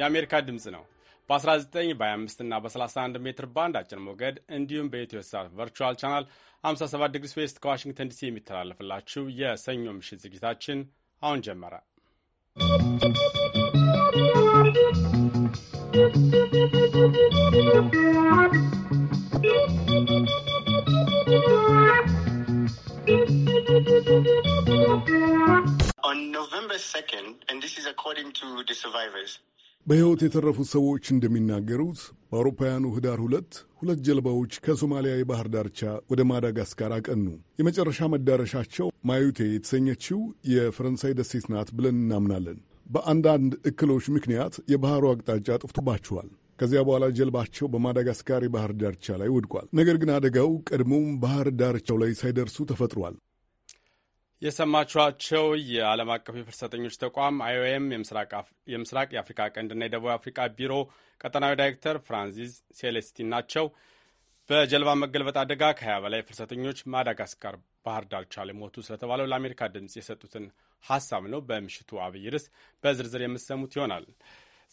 የአሜሪካ ድምፅ ነው። በ19 በ25 እና በ31 ሜትር ባንድ አጭር ሞገድ እንዲሁም በኢትዮ ሳት ቨርቹዋል ቻናል 57 ዲግሪ ስዌስት ከዋሽንግተን ዲሲ የሚተላለፍላችሁ የሰኞ ምሽት ዝግጅታችን አሁን ጀመረ። On November 2nd, and this is according to the survivors, በሕይወት የተረፉት ሰዎች እንደሚናገሩት በአውሮፓውያኑ ህዳር ሁለት ሁለት ጀልባዎች ከሶማሊያ የባህር ዳርቻ ወደ ማዳጋስካር አቀኑ። የመጨረሻ መዳረሻቸው ማዩቴ የተሰኘችው የፈረንሳይ ደሴት ናት ብለን እናምናለን። በአንዳንድ እክሎች ምክንያት የባህሩ አቅጣጫ ጠፍቶባቸዋል። ከዚያ በኋላ ጀልባቸው በማዳጋስካር የባህር ዳርቻ ላይ ወድቋል። ነገር ግን አደጋው ቀድሞም ባህር ዳርቻው ላይ ሳይደርሱ ተፈጥሯል። የሰማችኋቸው የዓለም አቀፍ የፍልሰተኞች ተቋም አይኦኤም የምስራቅ የአፍሪካ ቀንድና የደቡብ አፍሪካ ቢሮ ቀጠናዊ ዳይሬክተር ፍራንዚስ ሴሌስቲን ናቸው። በጀልባ መገልበጥ አደጋ ከሀያ በላይ ፍልሰተኞች ማዳጋስካር ባህር ዳርቻ ሊሞቱ ስለተባለው ለአሜሪካ ድምፅ የሰጡትን ሀሳብ ነው በምሽቱ አብይ ርዕስ በዝርዝር የምሰሙት ይሆናል።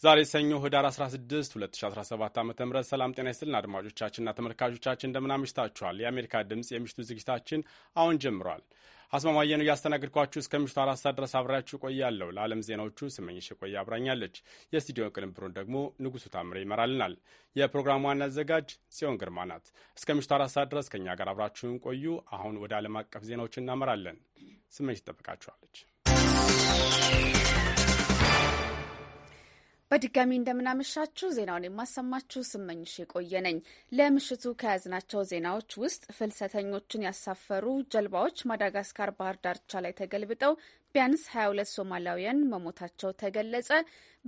ዛሬ ሰኞ ህዳር 16 2017 ዓ ም ሰላም ጤና ይስጥልን አድማጮቻችንና ተመልካቾቻችን እንደምናመሽታችኋል። የአሜሪካ ድምፅ የምሽቱ ዝግጅታችን አሁን ጀምሯል። አስማማየኑ እያስተናግድኳችሁ እስከ ምሽቱ አራት ሰዓት ድረስ አብሬያችሁ ቆያለሁ። ለዓለም ዜናዎቹ ስመኝሽ ቆያ አብራኛለች። የስቱዲዮ ቅንብሩን ደግሞ ንጉሱ ታምሬ ይመራልናል። የፕሮግራሙ ዋና አዘጋጅ ጽዮን ግርማ ናት። እስከ ምሽቱ አራት ሰዓት ድረስ ከእኛ ጋር አብራችሁን ቆዩ። አሁን ወደ ዓለም አቀፍ ዜናዎች እናመራለን። ስመኝሽ ትጠብቃችኋለች። በድጋሚ እንደምናመሻችሁ ዜናውን የማሰማችሁ ስመኝሽ የቆየ ነኝ። ለምሽቱ ከያዝናቸው ዜናዎች ውስጥ ፍልሰተኞችን ያሳፈሩ ጀልባዎች ማዳጋስካር ባህር ዳርቻ ላይ ተገልብጠው ቢያንስ 22 ሶማሊያውያን መሞታቸው ተገለጸ፣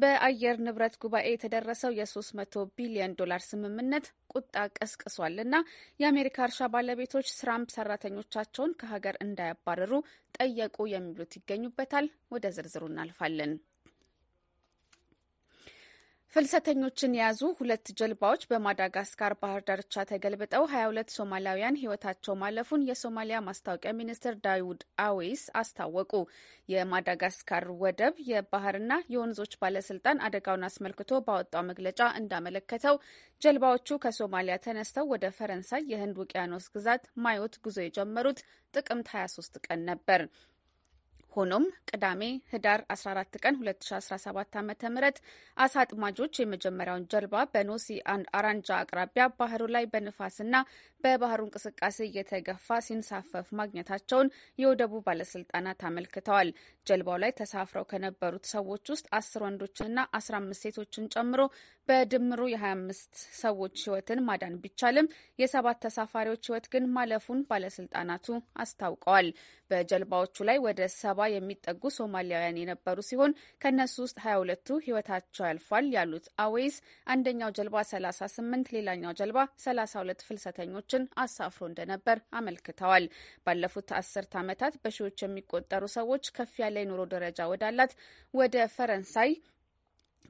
በአየር ንብረት ጉባኤ የተደረሰው የ300 ቢሊዮን ዶላር ስምምነት ቁጣ ቀስቅሷል እና የአሜሪካ እርሻ ባለቤቶች ትራምፕ ሰራተኞቻቸውን ከሀገር እንዳያባረሩ ጠየቁ የሚሉት ይገኙበታል። ወደ ዝርዝሩ እናልፋለን። ፍልሰተኞችን የያዙ ሁለት ጀልባዎች በማዳጋስካር ባህር ዳርቻ ተገልብጠው 22 ሶማሊያውያን ሕይወታቸው ማለፉን የሶማሊያ ማስታወቂያ ሚኒስትር ዳዊድ አዌይስ አስታወቁ። የማዳጋስካር ወደብ የባህርና የወንዞች ባለስልጣን አደጋውን አስመልክቶ ባወጣው መግለጫ እንዳመለከተው ጀልባዎቹ ከሶማሊያ ተነስተው ወደ ፈረንሳይ የህንድ ውቅያኖስ ግዛት ማዮት ጉዞ የጀመሩት ጥቅምት 23 ቀን ነበር። ሆኖም ቅዳሜ ህዳር 14 ቀን 2017 ዓ ም አሳ አጥማጆች የመጀመሪያውን ጀልባ በኖሲ አራንጃ አቅራቢያ ባህሩ ላይ በንፋስና በባህሩ እንቅስቃሴ እየተገፋ ሲንሳፈፍ ማግኘታቸውን የወደቡ ባለስልጣናት አመልክተዋል። ጀልባው ላይ ተሳፍረው ከነበሩት ሰዎች ውስጥ አስር ወንዶችንና 15 ሴቶችን ጨምሮ በድምሩ የ25 ሰዎች ህይወትን ማዳን ቢቻልም የሰባት ተሳፋሪዎች ህይወት ግን ማለፉን ባለስልጣናቱ አስታውቀዋል። በጀልባዎቹ ላይ ወደ ሰባ የሚጠጉ ሶማሊያውያን የነበሩ ሲሆን ከእነሱ ውስጥ ሀያ ሁለቱ ህይወታቸው ያልፏል ያሉት አዌይስ አንደኛው ጀልባ ሰላሳ ስምንት ሌላኛው ጀልባ ሰላሳ ሁለት ፍልሰተኞችን አሳፍሮ እንደነበር አመልክተዋል። ባለፉት አስርት ዓመታት በሺዎች የሚቆጠሩ ሰዎች ከፍ ያለ የኑሮ ደረጃ ወዳላት ወደ ፈረንሳይ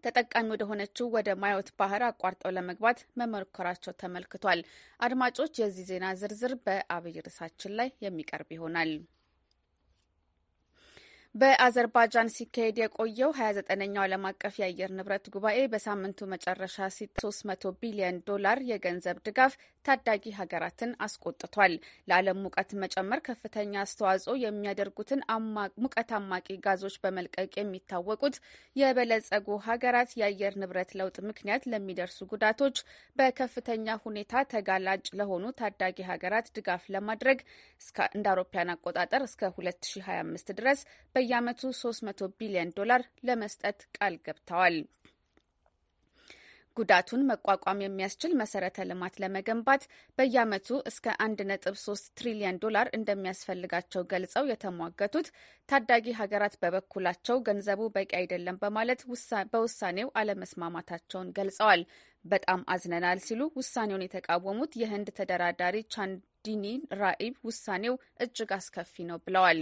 ተጠቃሚ ወደ ሆነችው ወደ ማዮት ባህር አቋርጠው ለመግባት መሞከራቸው ተመልክቷል። አድማጮች፣ የዚህ ዜና ዝርዝር በአብይ ርዕሳችን ላይ የሚቀርብ ይሆናል። በአዘርባጃን ሲካሄድ የቆየው 29ኛው ዓለም አቀፍ የአየር ንብረት ጉባኤ በሳምንቱ መጨረሻ ሲ 300 ቢሊዮን ዶላር የገንዘብ ድጋፍ ታዳጊ ሀገራትን አስቆጥቷል። ለዓለም ሙቀት መጨመር ከፍተኛ አስተዋጽኦ የሚያደርጉትን ሙቀት አማቂ ጋዞች በመልቀቅ የሚታወቁት የበለጸጉ ሀገራት የአየር ንብረት ለውጥ ምክንያት ለሚደርሱ ጉዳቶች በከፍተኛ ሁኔታ ተጋላጭ ለሆኑ ታዳጊ ሀገራት ድጋፍ ለማድረግ እንደ አውሮፓውያን አቆጣጠር እስከ 2025 ድረስ በየዓመቱ 300 ቢሊዮን ዶላር ለመስጠት ቃል ገብተዋል። ጉዳቱን መቋቋም የሚያስችል መሰረተ ልማት ለመገንባት በየአመቱ እስከ 1.3 ትሪሊየን ዶላር እንደሚያስፈልጋቸው ገልጸው የተሟገቱት ታዳጊ ሀገራት በበኩላቸው ገንዘቡ በቂ አይደለም በማለት በውሳኔው አለመስማማታቸውን ገልጸዋል። በጣም አዝነናል ሲሉ ውሳኔውን የተቃወሙት የህንድ ተደራዳሪ ቻንዲኒ ራኢብ ውሳኔው እጅግ አስከፊ ነው ብለዋል።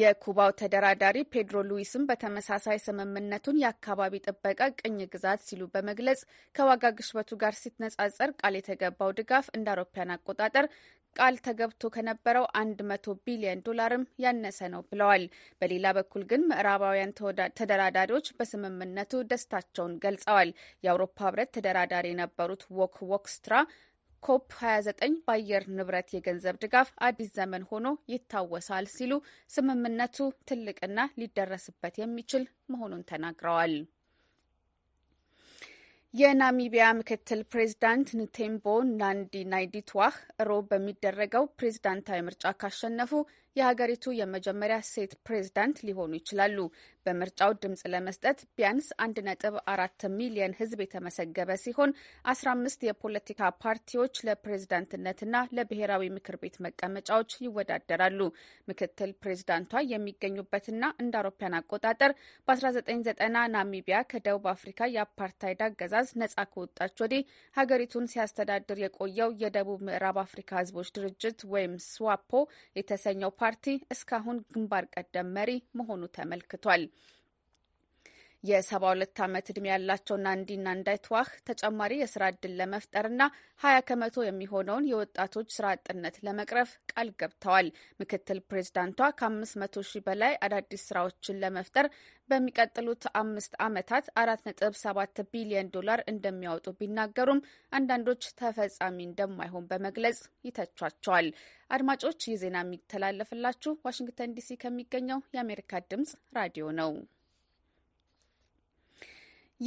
የኩባው ተደራዳሪ ፔድሮ ሉዊስም በተመሳሳይ ስምምነቱን የአካባቢ ጥበቃ ቅኝ ግዛት ሲሉ በመግለጽ ከዋጋ ግሽበቱ ጋር ሲነጻጸር ቃል የተገባው ድጋፍ እንደ አውሮፓውያን አቆጣጠር ቃል ተገብቶ ከነበረው 100 ቢሊዮን ዶላርም ያነሰ ነው ብለዋል። በሌላ በኩል ግን ምዕራባውያን ተደራዳሪዎች በስምምነቱ ደስታቸውን ገልጸዋል። የአውሮፓ ሕብረት ተደራዳሪ የነበሩት ዎክ ዎክስትራ ኮፕ 29 በአየር ንብረት የገንዘብ ድጋፍ አዲስ ዘመን ሆኖ ይታወሳል ሲሉ ስምምነቱ ትልቅና ሊደረስበት የሚችል መሆኑን ተናግረዋል። የናሚቢያ ምክትል ፕሬዚዳንት ንቴምቦ ናንዲ ናይዲትዋህ ሮብ በሚደረገው ፕሬዚዳንታዊ ምርጫ ካሸነፉ የሀገሪቱ የመጀመሪያ ሴት ፕሬዝዳንት ሊሆኑ ይችላሉ። በምርጫው ድምፅ ለመስጠት ቢያንስ አንድ ነጥብ አራት ሚሊየን ሕዝብ የተመሰገበ ሲሆን አስራ አምስት የፖለቲካ ፓርቲዎች ለፕሬዝዳንትነትና ለብሔራዊ ምክር ቤት መቀመጫዎች ይወዳደራሉ። ምክትል ፕሬዝዳንቷ የሚገኙበትና እንደ አውሮፓያን አቆጣጠር በ1990 ናሚቢያ ከደቡብ አፍሪካ የአፓርታይድ አገዛዝ ነጻ ከወጣች ወዲህ ሀገሪቱን ሲያስተዳድር የቆየው የደቡብ ምዕራብ አፍሪካ ሕዝቦች ድርጅት ወይም ስዋፖ የተሰኘው ፓርቲ እስካሁን ግንባር ቀደም መሪ መሆኑ ተመልክቷል። የ72 ዓመት ዕድሜ ያላቸው ናንዲና እንዳይትዋህ ተጨማሪ የስራ ዕድል ለመፍጠርና 20 ከመቶ የሚሆነውን የወጣቶች ስራ አጥነት ለመቅረፍ ቃል ገብተዋል። ምክትል ፕሬዚዳንቷ ከ500 ሺህ በላይ አዳዲስ ስራዎችን ለመፍጠር በሚቀጥሉት አምስት ዓመታት 4.7 ቢሊዮን ዶላር እንደሚያወጡ ቢናገሩም አንዳንዶች ተፈጻሚ እንደማይሆን በመግለጽ ይተቿቸዋል። አድማጮች ይህ ዜና የሚተላለፍላችሁ ዋሽንግተን ዲሲ ከሚገኘው የአሜሪካ ድምጽ ራዲዮ ነው።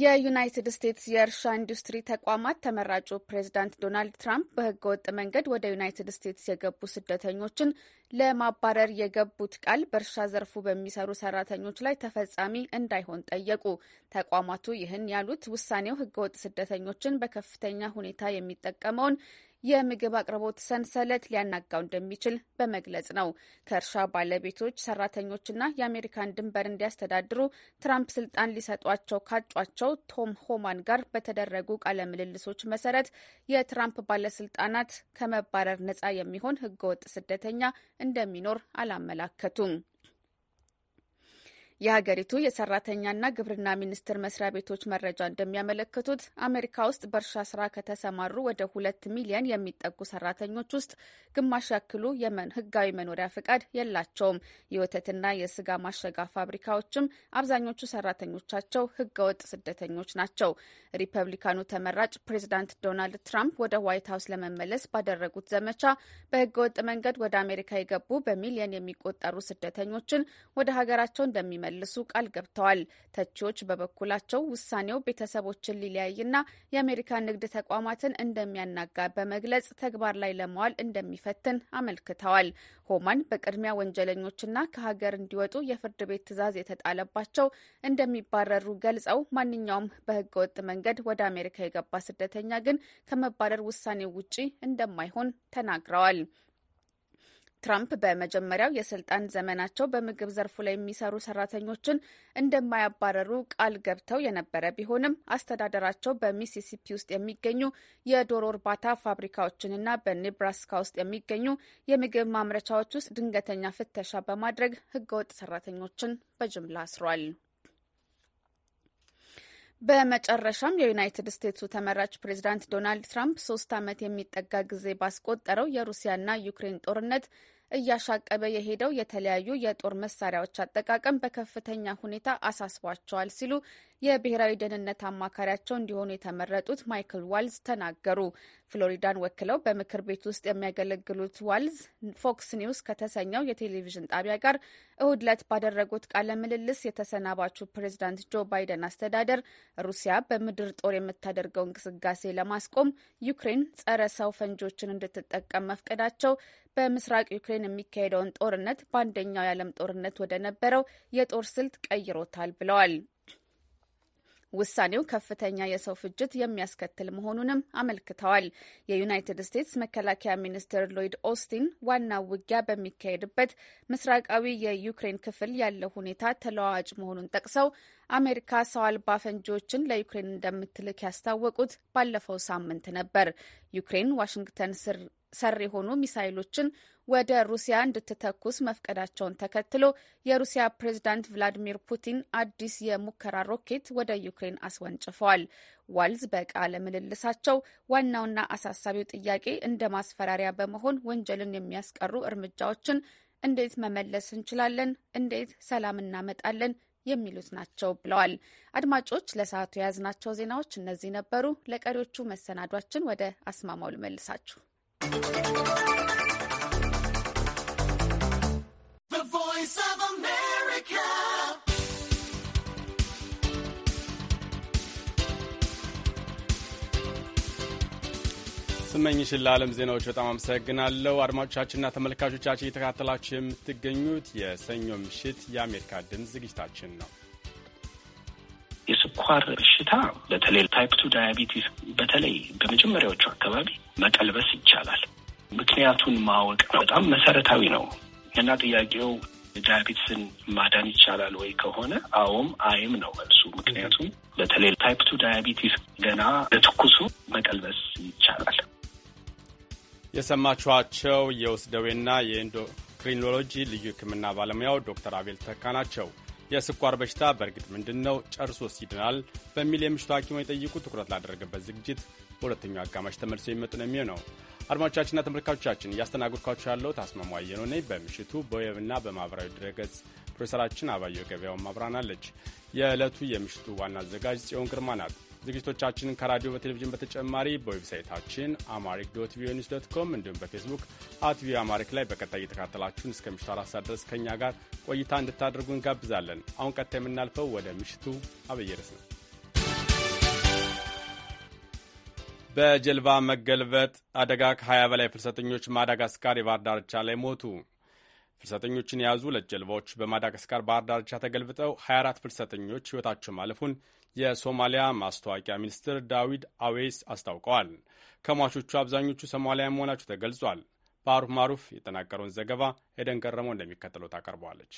የዩናይትድ ስቴትስ የእርሻ ኢንዱስትሪ ተቋማት ተመራጩ ፕሬዚዳንት ዶናልድ ትራምፕ በህገወጥ መንገድ ወደ ዩናይትድ ስቴትስ የገቡ ስደተኞችን ለማባረር የገቡት ቃል በእርሻ ዘርፉ በሚሰሩ ሰራተኞች ላይ ተፈጻሚ እንዳይሆን ጠየቁ። ተቋማቱ ይህን ያሉት ውሳኔው ህገወጥ ስደተኞችን በከፍተኛ ሁኔታ የሚጠቀመውን የምግብ አቅርቦት ሰንሰለት ሊያናጋው እንደሚችል በመግለጽ ነው። ከእርሻ ባለቤቶች፣ ሰራተኞችና የአሜሪካን ድንበር እንዲያስተዳድሩ ትራምፕ ስልጣን ሊሰጧቸው ካጯቸው ቶም ሆማን ጋር በተደረጉ ቃለ ምልልሶች መሰረት የትራምፕ ባለስልጣናት ከመባረር ነጻ የሚሆን ህገወጥ ስደተኛ እንደሚኖር አላመላከቱም። የሀገሪቱ የሰራተኛና ግብርና ሚኒስቴር መስሪያ ቤቶች መረጃ እንደሚያመለክቱት አሜሪካ ውስጥ በእርሻ ስራ ከተሰማሩ ወደ ሁለት ሚሊየን የሚጠጉ ሰራተኞች ውስጥ ግማሽ ያክሉ ህጋዊ መኖሪያ ፍቃድ የላቸውም። የወተትና የስጋ ማሸጋ ፋብሪካዎችም አብዛኞቹ ሰራተኞቻቸው ህገወጥ ስደተኞች ናቸው። ሪፐብሊካኑ ተመራጭ ፕሬዚዳንት ዶናልድ ትራምፕ ወደ ዋይት ሀውስ ለመመለስ ባደረጉት ዘመቻ በህገወጥ መንገድ ወደ አሜሪካ የገቡ በሚሊየን የሚቆጠሩ ስደተኞችን ወደ ሀገራቸው እንደሚመ እንደሚመልሱ ቃል ገብተዋል። ተቺዎች በበኩላቸው ውሳኔው ቤተሰቦችን ሊለያይና የአሜሪካ ንግድ ተቋማትን እንደሚያናጋ በመግለጽ ተግባር ላይ ለመዋል እንደሚፈትን አመልክተዋል። ሆማን በቅድሚያ ወንጀለኞችና ከሀገር እንዲወጡ የፍርድ ቤት ትዕዛዝ የተጣለባቸው እንደሚባረሩ ገልጸው ማንኛውም በህገወጥ መንገድ ወደ አሜሪካ የገባ ስደተኛ ግን ከመባረር ውሳኔው ውጪ እንደማይሆን ተናግረዋል። ትራምፕ በመጀመሪያው የስልጣን ዘመናቸው በምግብ ዘርፉ ላይ የሚሰሩ ሰራተኞችን እንደማያባረሩ ቃል ገብተው የነበረ ቢሆንም አስተዳደራቸው በሚሲሲፒ ውስጥ የሚገኙ የዶሮ እርባታ ፋብሪካዎችንና በኔብራስካ ውስጥ የሚገኙ የምግብ ማምረቻዎች ውስጥ ድንገተኛ ፍተሻ በማድረግ ህገወጥ ሰራተኞችን በጅምላ አስሯል። በመጨረሻም የዩናይትድ ስቴትሱ ተመራጭ ፕሬዚዳንት ዶናልድ ትራምፕ ሶስት ዓመት የሚጠጋ ጊዜ ባስቆጠረው የሩሲያና ዩክሬን ጦርነት እያሻቀበ የሄደው የተለያዩ የጦር መሳሪያዎች አጠቃቀም በከፍተኛ ሁኔታ አሳስቧቸዋል ሲሉ የብሔራዊ ደህንነት አማካሪያቸው እንዲሆኑ የተመረጡት ማይክል ዋልዝ ተናገሩ። ፍሎሪዳን ወክለው በምክር ቤት ውስጥ የሚያገለግሉት ዋልዝ ፎክስ ኒውስ ከተሰኘው የቴሌቪዥን ጣቢያ ጋር እሁድ ዕለት ባደረጉት ቃለ ምልልስ የተሰናባቹ ፕሬዚዳንት ጆ ባይደን አስተዳደር ሩሲያ በምድር ጦር የምታደርገውን ግስጋሴ ለማስቆም ዩክሬን ጸረ ሰው ፈንጆችን እንድትጠቀም መፍቀዳቸው በምስራቅ ዩክሬን የሚካሄደውን ጦርነት በአንደኛው የዓለም ጦርነት ወደ ነበረው የጦር ስልት ቀይሮታል ብለዋል። ውሳኔው ከፍተኛ የሰው ፍጅት የሚያስከትል መሆኑንም አመልክተዋል። የዩናይትድ ስቴትስ መከላከያ ሚኒስትር ሎይድ ኦስቲን ዋና ውጊያ በሚካሄድበት ምስራቃዊ የዩክሬን ክፍል ያለው ሁኔታ ተለዋዋጭ መሆኑን ጠቅሰው አሜሪካ ሰው አልባ ፈንጂዎችን ለዩክሬን እንደምትልክ ያስታወቁት ባለፈው ሳምንት ነበር። ዩክሬን ዋሽንግተን ስር ሰር የሆኑ ሚሳይሎችን ወደ ሩሲያ እንድትተኩስ መፍቀዳቸውን ተከትሎ የሩሲያ ፕሬዝዳንት ቭላዲሚር ፑቲን አዲስ የሙከራ ሮኬት ወደ ዩክሬን አስወንጭፈዋል። ዋልዝ በቃለ ምልልሳቸው ዋናውና አሳሳቢው ጥያቄ እንደ ማስፈራሪያ በመሆን ወንጀልን የሚያስቀሩ እርምጃዎችን እንዴት መመለስ እንችላለን? እንዴት ሰላም እናመጣለን? የሚሉት ናቸው ብለዋል። አድማጮች፣ ለሰዓቱ የያዝናቸው ዜናዎች እነዚህ ነበሩ። ለቀሪዎቹ መሰናዷችን ወደ አስማማው ልመልሳችሁ። ስመኝሽን ለዓለም ዜናዎች በጣም አመሰግናለሁ። አድማጮቻችንና ተመልካቾቻችን እየተከታተላችሁ የምትገኙት የሰኞ ምሽት የአሜሪካ ድምፅ ዝግጅታችን ነው። የስኳር በሽታ በተለይ ታይፕ ቱ ዳያቢቲስ በተለይ በመጀመሪያዎቹ አካባቢ መቀልበስ ይቻላል። ምክንያቱን ማወቅ በጣም መሰረታዊ ነው እና ጥያቄው ዳያቢትስን ማዳን ይቻላል ወይ ከሆነ አዎም አይም ነው መልሱ። ምክንያቱም በተለይ ታይፕ ቱ ዳያቢቲስ ገና በትኩሱ መቀልበስ ይቻላል። የሰማችኋቸው የውስጥ ደዌና የኢንዶክሪኖሎጂ ልዩ ሕክምና ባለሙያው ዶክተር አቤል ተካ ናቸው። የስኳር በሽታ በእርግጥ ምንድን ነው? ጨርሶስ ይድናል? በሚል የምሽቱ ሐኪሞን የጠይቁ ትኩረት ላደረገበት ዝግጅት በሁለተኛው አጋማሽ ተመልሶ የሚመጡ ነው የሚሆነው። አድማጮቻችንና ተመልካቾቻችን እያስተናገድኳችሁ ያለው ታስማማየ ነው ነኝ። በምሽቱ በዌብና በማኅበራዊ ድረገጽ ፕሮፌሰራችን አባየሁ ገበያውን ማብራናለች። የዕለቱ የምሽቱ ዋና አዘጋጅ ጽዮን ግርማ ናት። ዝግጅቶቻችንን ከራዲዮ በቴሌቪዥን በተጨማሪ በዌብሳይታችን አማሪክ ዶት ቪኦኤ ኒውስ ዶት ኮም እንዲሁም በፌስቡክ አት ቪኦኤ አማሪክ ላይ በቀጣይ እየተከታተላችሁን እስከ ምሽቱ አራት ሰዓት ድረስ ከእኛ ጋር ቆይታ እንድታደርጉ እንጋብዛለን። አሁን ቀጥታ የምናልፈው ወደ ምሽቱ አብይ ርዕስ ነው። በጀልባ መገልበጥ አደጋ ከ20 በላይ ፍልሰተኞች ማዳጋስካር የባህር ዳርቻ ላይ ሞቱ። ፍልሰተኞችን የያዙ ሁለት ጀልባዎች በማዳጋስካር ባህር ዳርቻ ተገልብጠው 24 ፍልሰተኞች ሕይወታቸው ማለፉን የሶማሊያ ማስታወቂያ ሚኒስትር ዳዊድ አዌስ አስታውቀዋል። ከሟቾቹ አብዛኞቹ ሶማሊያ መሆናቸው ተገልጿል። በአሩፍ ማሩፍ የጠናቀረውን ዘገባ ኤደን ገረመው እንደሚከተለው ታቀርበዋለች።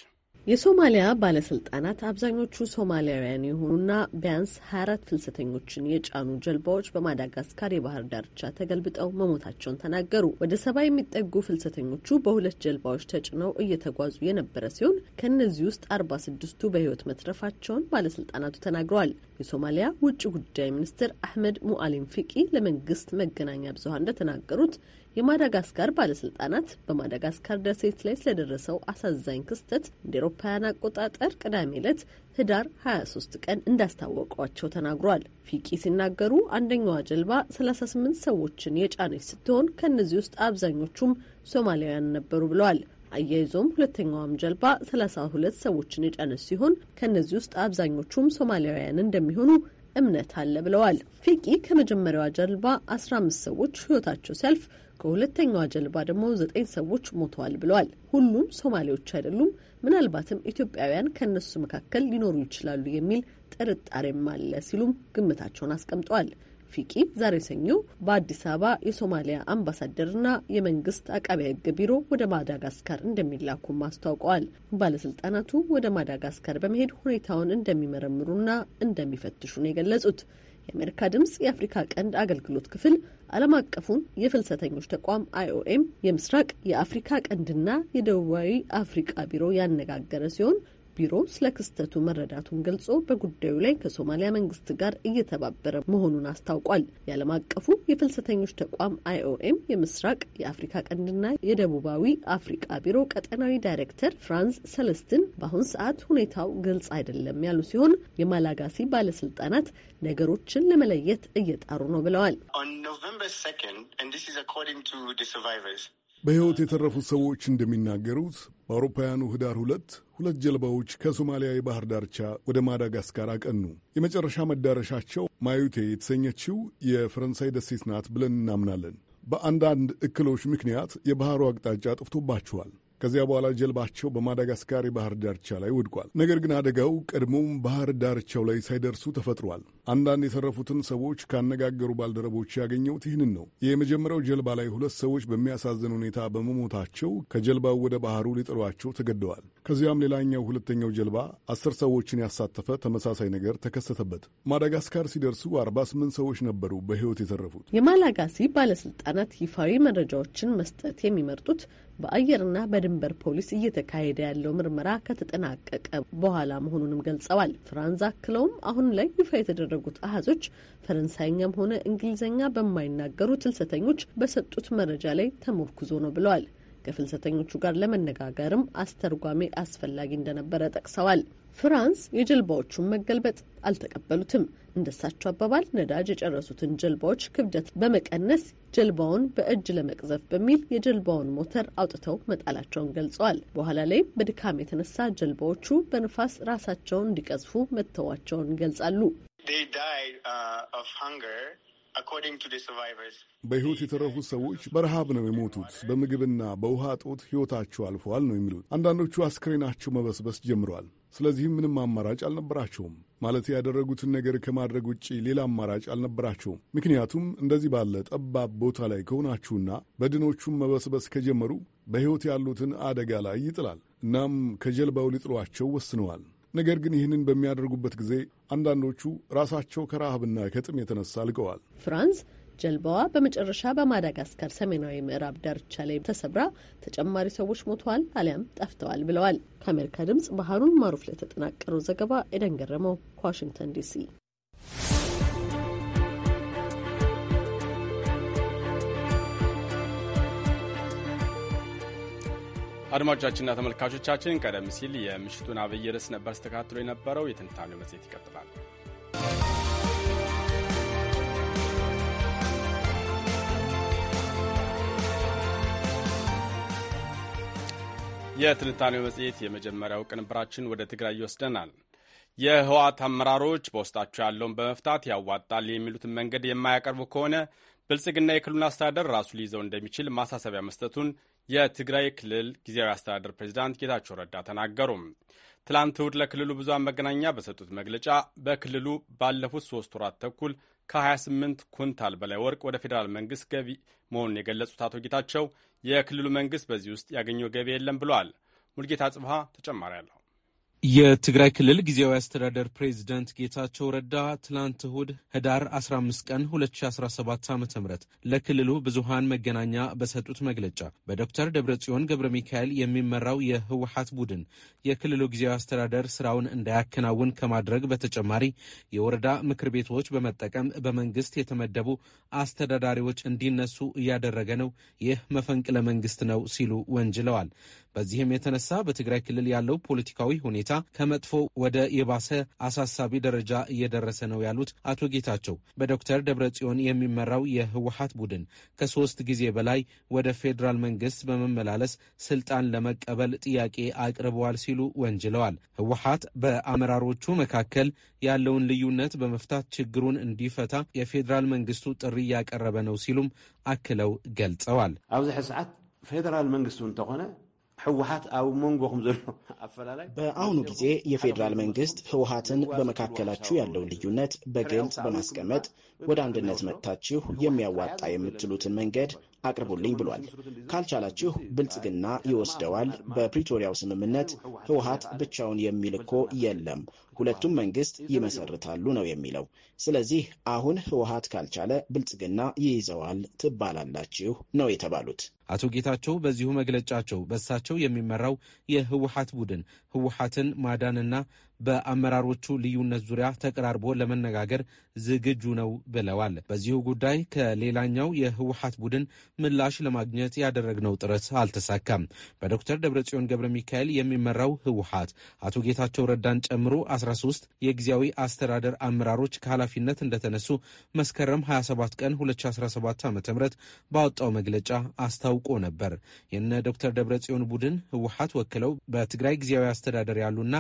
የሶማሊያ ባለስልጣናት አብዛኞቹ ሶማሊያውያን የሆኑና ቢያንስ 24 ፍልሰተኞችን የጫኑ ጀልባዎች በማዳጋስካር የባህር ዳርቻ ተገልብጠው መሞታቸውን ተናገሩ። ወደ ሰባ የሚጠጉ ፍልሰተኞቹ በሁለት ጀልባዎች ተጭነው እየተጓዙ የነበረ ሲሆን ከእነዚህ ውስጥ አርባ ስድስቱ በሕይወት መትረፋቸውን ባለስልጣናቱ ተናግረዋል። የሶማሊያ ውጭ ጉዳይ ሚኒስትር አህመድ ሙአሊም ፊቂ ለመንግስት መገናኛ ብዙኃን እንደተናገሩት የማዳጋስካር ባለስልጣናት በማዳጋስካር ደሴት ላይ ስለደረሰው አሳዛኝ ክስተት እንደ ኤሮፓውያን አቆጣጠር ቅዳሜ ዕለት ህዳር 23 ቀን እንዳስታወቋቸው ተናግሯል። ፊቂ ሲናገሩ አንደኛዋ ጀልባ 38 ሰዎችን የጫነች ስትሆን ከእነዚህ ውስጥ አብዛኞቹም ሶማሊያውያን ነበሩ ብለዋል። አያይዞም ሁለተኛዋም ጀልባ 32 ሰዎችን የጫነች ሲሆን ከእነዚህ ውስጥ አብዛኞቹም ሶማሊያውያን እንደሚሆኑ እምነት አለ ብለዋል። ፊቂ ከመጀመሪያዋ ጀልባ 15 ሰዎች ህይወታቸው ሲያልፍ ከሁለተኛዋ ጀልባ ደግሞ ዘጠኝ ሰዎች ሞተዋል ብለዋል። ሁሉም ሶማሌዎች አይደሉም፣ ምናልባትም ኢትዮጵያውያን ከእነሱ መካከል ሊኖሩ ይችላሉ የሚል ጥርጣሬም አለ ሲሉም ግምታቸውን አስቀምጠዋል። ፊቂ ዛሬ ሰኞ በአዲስ አበባ የሶማሊያ አምባሳደርና የመንግስት አቃቢያ ሕግ ቢሮ ወደ ማዳጋስካር እንደሚላኩም አስታውቀዋል። ባለስልጣናቱ ወደ ማዳጋስካር በመሄድ ሁኔታውን እንደሚመረምሩና እንደሚፈትሹ ነው የገለጹት። የአሜሪካ ድምፅ የአፍሪካ ቀንድ አገልግሎት ክፍል ዓለም አቀፉን የፍልሰተኞች ተቋም አይኦኤም የምስራቅ የአፍሪካ ቀንድና የደቡባዊ አፍሪካ ቢሮ ያነጋገረ ሲሆን ቢሮ ስለ ክስተቱ መረዳቱን ገልጾ በጉዳዩ ላይ ከሶማሊያ መንግስት ጋር እየተባበረ መሆኑን አስታውቋል። የዓለም አቀፉ የፍልሰተኞች ተቋም አይኦኤም የምስራቅ የአፍሪካ ቀንድና የደቡባዊ አፍሪቃ ቢሮ ቀጠናዊ ዳይሬክተር ፍራንስ ሰለስትን በአሁን ሰዓት ሁኔታው ግልጽ አይደለም ያሉ ሲሆን የማላጋሲ ባለስልጣናት ነገሮችን ለመለየት እየጣሩ ነው ብለዋል። በሕይወት የተረፉት ሰዎች እንደሚናገሩት በአውሮፓውያኑ ኅዳር ሁለት ሁለት ጀልባዎች ከሶማሊያ የባህር ዳርቻ ወደ ማዳጋስካር አቀኑ። የመጨረሻ መዳረሻቸው ማዩቴ የተሰኘችው የፈረንሳይ ደሴት ናት ብለን እናምናለን። በአንዳንድ እክሎች ምክንያት የባህሩ አቅጣጫ ጠፍቶባቸዋል። ከዚያ በኋላ ጀልባቸው በማዳጋስካር የባህር ዳርቻ ላይ ወድቋል። ነገር ግን አደጋው ቀድሞም ባህር ዳርቻው ላይ ሳይደርሱ ተፈጥሯል። አንዳንድ የተረፉትን ሰዎች ካነጋገሩ ባልደረቦች ያገኘሁት ይህንን ነው። የመጀመሪያው ጀልባ ላይ ሁለት ሰዎች በሚያሳዝን ሁኔታ በመሞታቸው ከጀልባው ወደ ባህሩ ሊጥሏቸው ተገደዋል። ከዚያም ሌላኛው ሁለተኛው ጀልባ አስር ሰዎችን ያሳተፈ ተመሳሳይ ነገር ተከሰተበት። ማዳጋስካር ሲደርሱ 48 ሰዎች ነበሩ በሕይወት የተረፉት። የማላጋሲ ባለስልጣናት ይፋዊ መረጃዎችን መስጠት የሚመርጡት በአየርና በድንበር ፖሊስ እየተካሄደ ያለው ምርመራ ከተጠናቀቀ በኋላ መሆኑንም ገልጸዋል። ፍራንዝ አክለውም አሁን ላይ ይፋ የተደረጉት አሃዞች ፈረንሳይኛም ሆነ እንግሊዝኛ በማይናገሩ ፍልሰተኞች በሰጡት መረጃ ላይ ተሞርኩዞ ነው ብለዋል። ከፍልሰተኞቹ ጋር ለመነጋገርም አስተርጓሚ አስፈላጊ እንደነበረ ጠቅሰዋል። ፍራንስ የጀልባዎቹን መገልበጥ አልተቀበሉትም። እንደሳቸው አባባል ነዳጅ የጨረሱትን ጀልባዎች ክብደት በመቀነስ ጀልባውን በእጅ ለመቅዘፍ በሚል የጀልባውን ሞተር አውጥተው መጣላቸውን ገልጸዋል። በኋላ ላይም በድካም የተነሳ ጀልባዎቹ በንፋስ ራሳቸውን እንዲቀዝፉ መተዋቸውን ይገልጻሉ። uh, በሕይወት የተረፉት ሰዎች በረሃብ ነው የሞቱት። በምግብና በውሃ እጦት ሕይወታቸው አልፈዋል ነው የሚሉት። አንዳንዶቹ አስክሬናቸው መበስበስ ጀምረዋል። ስለዚህም ምንም አማራጭ አልነበራቸውም። ማለት ያደረጉትን ነገር ከማድረግ ውጭ ሌላ አማራጭ አልነበራቸውም። ምክንያቱም እንደዚህ ባለ ጠባብ ቦታ ላይ ከሆናችሁና በድኖቹም መበስበስ ከጀመሩ በሕይወት ያሉትን አደጋ ላይ ይጥላል። እናም ከጀልባው ሊጥሏቸው ወስነዋል። ነገር ግን ይህንን በሚያደርጉበት ጊዜ አንዳንዶቹ ራሳቸው ከረሃብና ከጥም የተነሳ አልቀዋል። ፍራንስ ጀልባዋ በመጨረሻ በማዳጋስከር ሰሜናዊ ምዕራብ ዳርቻ ላይ ተሰብራ ተጨማሪ ሰዎች ሞተዋል አሊያም ጠፍተዋል ብለዋል። ከአሜሪካ ድምጽ ባህሩን ማሩፍ ለተጠናቀረው ዘገባ ኤደን ገረመው ከዋሽንግተን ዲሲ። አድማጮቻችንና ተመልካቾቻችን ቀደም ሲል የምሽቱን አብይ ርዕስ ነበር ስተካትሎ የነበረው። የትንታኔው መጽሔት ይቀጥላል። የትንታኔው መጽሔት የመጀመሪያው ቅንብራችን ወደ ትግራይ ይወስደናል። የህወሓት አመራሮች በውስጣቸው ያለውን በመፍታት ያዋጣል የሚሉትን መንገድ የማያቀርቡ ከሆነ ብልጽግና የክልሉን አስተዳደር ራሱ ሊይዘው እንደሚችል ማሳሰቢያ መስጠቱን የትግራይ ክልል ጊዜያዊ አስተዳደር ፕሬዚዳንት ጌታቸው ረዳ ተናገሩ። ትላንት እሁድ ለክልሉ ብዙሃን መገናኛ በሰጡት መግለጫ በክልሉ ባለፉት ሶስት ወራት ተኩል ከ28 ኩንታል በላይ ወርቅ ወደ ፌዴራል መንግስት ገቢ መሆኑን የገለጹት አቶ ጌታቸው የክልሉ መንግስት በዚህ ውስጥ ያገኘው ገቢ የለም ብለዋል። ሙልጌታ ጽብሃ ተጨማሪ አለሁ የትግራይ ክልል ጊዜያዊ አስተዳደር ፕሬዚደንት ጌታቸው ረዳ ትላንት እሁድ ህዳር 15 ቀን 2017 ዓ ም ለክልሉ ብዙሃን መገናኛ በሰጡት መግለጫ በዶክተር ደብረጽዮን ገብረ ሚካኤል የሚመራው የህወሓት ቡድን የክልሉ ጊዜያዊ አስተዳደር ስራውን እንዳያከናውን ከማድረግ በተጨማሪ የወረዳ ምክር ቤቶች በመጠቀም በመንግስት የተመደቡ አስተዳዳሪዎች እንዲነሱ እያደረገ ነው። ይህ መፈንቅለ መንግስት ነው ሲሉ ወንጅለዋል። በዚህም የተነሳ በትግራይ ክልል ያለው ፖለቲካዊ ሁኔታ ከመጥፎ ወደ የባሰ አሳሳቢ ደረጃ እየደረሰ ነው ያሉት አቶ ጌታቸው በዶክተር ደብረ ጽዮን የሚመራው የህወሀት ቡድን ከሶስት ጊዜ በላይ ወደ ፌዴራል መንግስት በመመላለስ ስልጣን ለመቀበል ጥያቄ አቅርበዋል ሲሉ ወንጅለዋል። ህወሀት በአመራሮቹ መካከል ያለውን ልዩነት በመፍታት ችግሩን እንዲፈታ የፌዴራል መንግስቱ ጥሪ እያቀረበ ነው ሲሉም አክለው ገልጸዋል። ኣብዚ ሕዚ ሰዓት ፌደራል መንግስቱ እንተኾነ ህወሀት ኣብ መንጎኹም ዘሎ ኣፈላላይ በአሁኑ ጊዜ የፌዴራል መንግስት ህወሀትን በመካከላችሁ ያለውን ልዩነት በግልጽ በማስቀመጥ ወደ አንድነት መጥታችሁ የሚያዋጣ የምትሉትን መንገድ አቅርቡልኝ ብሏል። ካልቻላችሁ ብልጽግና ይወስደዋል። በፕሪቶሪያው ስምምነት ህወሀት ብቻውን የሚል እኮ የለም፣ ሁለቱም መንግስት ይመሰርታሉ ነው የሚለው። ስለዚህ አሁን ህወሀት ካልቻለ ብልጽግና ይይዘዋል ትባላላችሁ ነው የተባሉት። አቶ ጌታቸው በዚሁ መግለጫቸው በእሳቸው የሚመራው የህወሀት ቡድን ህወሀትን ማዳንና በአመራሮቹ ልዩነት ዙሪያ ተቀራርቦ ለመነጋገር ዝግጁ ነው ብለዋል። በዚሁ ጉዳይ ከሌላኛው የህወሀት ቡድን ምላሽ ለማግኘት ያደረግነው ጥረት አልተሳካም። በዶክተር ደብረጽዮን ገብረ ሚካኤል የሚመራው ህወሀት አቶ ጌታቸው ረዳን ጨምሮ 13 የጊዜያዊ አስተዳደር አመራሮች ከኃላፊነት እንደተነሱ መስከረም 27 ቀን 2017 ዓ ም ባወጣው መግለጫ አስታውቆ ነበር። የነ ዶክተር ደብረጽዮን ቡድን ህወሀት ወክለው በትግራይ ጊዜያዊ አስተዳደር ያሉና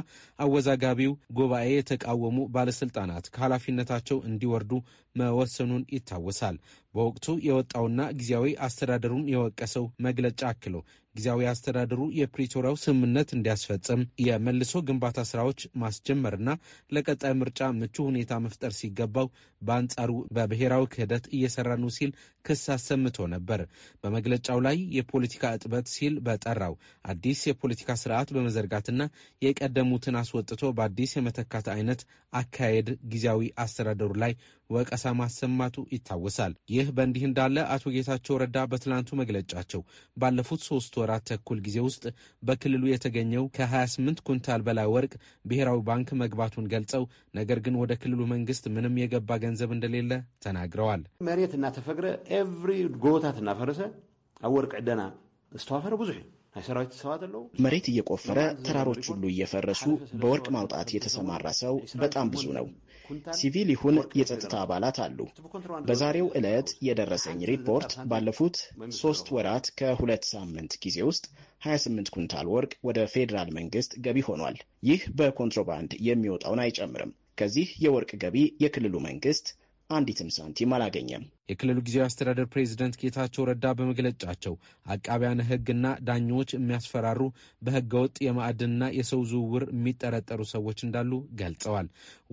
አወዛጋ የአካባቢው ጉባኤ የተቃወሙ ባለስልጣናት ከኃላፊነታቸው እንዲወርዱ መወሰኑን ይታወሳል። በወቅቱ የወጣውና ጊዜያዊ አስተዳደሩን የወቀሰው መግለጫ አክሎ ጊዜያዊ አስተዳደሩ የፕሪቶሪያው ስምምነት እንዲያስፈጽም የመልሶ ግንባታ ስራዎች ማስጀመርና ለቀጣይ ምርጫ ምቹ ሁኔታ መፍጠር ሲገባው በአንጻሩ በብሔራዊ ክህደት እየሰራ ነው ሲል ክስ አሰምቶ ነበር። በመግለጫው ላይ የፖለቲካ እጥበት ሲል በጠራው አዲስ የፖለቲካ ስርዓት በመዘርጋትና የቀደሙትን አስወጥቶ በአዲስ የመተካት አይነት አካሄድ ጊዜያዊ አስተዳደሩ ላይ ወቀሳ ማሰማቱ ይታወሳል። ይህ በእንዲህ እንዳለ አቶ ጌታቸው ረዳ በትላንቱ መግለጫቸው ባለፉት ሶስት ወራት ተኩል ጊዜ ውስጥ በክልሉ የተገኘው ከ28 ኩንታል በላይ ወርቅ ብሔራዊ ባንክ መግባቱን ገልጸው ነገር ግን ወደ ክልሉ መንግስት ምንም የገባ ገንዘብ እንደሌለ ተናግረዋል። መሬትና ተፈግረ ኤቭሪ ጎቦታት እናፈረሰ ኣብ ወርቂ ዕደና ዝተዋፈረ ብዙሕ እዩ ናይ ሰራዊት ሰባት ኣለዉ። መሬት እየቆፈረ ተራሮች ሁሉ እየፈረሱ በወርቅ ማውጣት የተሰማራ ሰው በጣም ብዙ ነው። ሲቪል ይሁን የጸጥታ አባላት አሉ። በዛሬው ዕለት የደረሰኝ ሪፖርት ባለፉት ሶስት ወራት ከሁለት ሳምንት ጊዜ ውስጥ 28 ኩንታል ወርቅ ወደ ፌዴራል መንግስት ገቢ ሆኗል። ይህ በኮንትሮባንድ የሚወጣውን አይጨምርም። ከዚህ የወርቅ ገቢ የክልሉ መንግስት አንዲትም ሳንቲም አላገኘም። የክልሉ ጊዜያዊ አስተዳደር ፕሬዚደንት ጌታቸው ረዳ በመግለጫቸው አቃቢያን ሕግና ዳኞች የሚያስፈራሩ በህገወጥ የማዕድንና የሰው ዝውውር የሚጠረጠሩ ሰዎች እንዳሉ ገልጸዋል።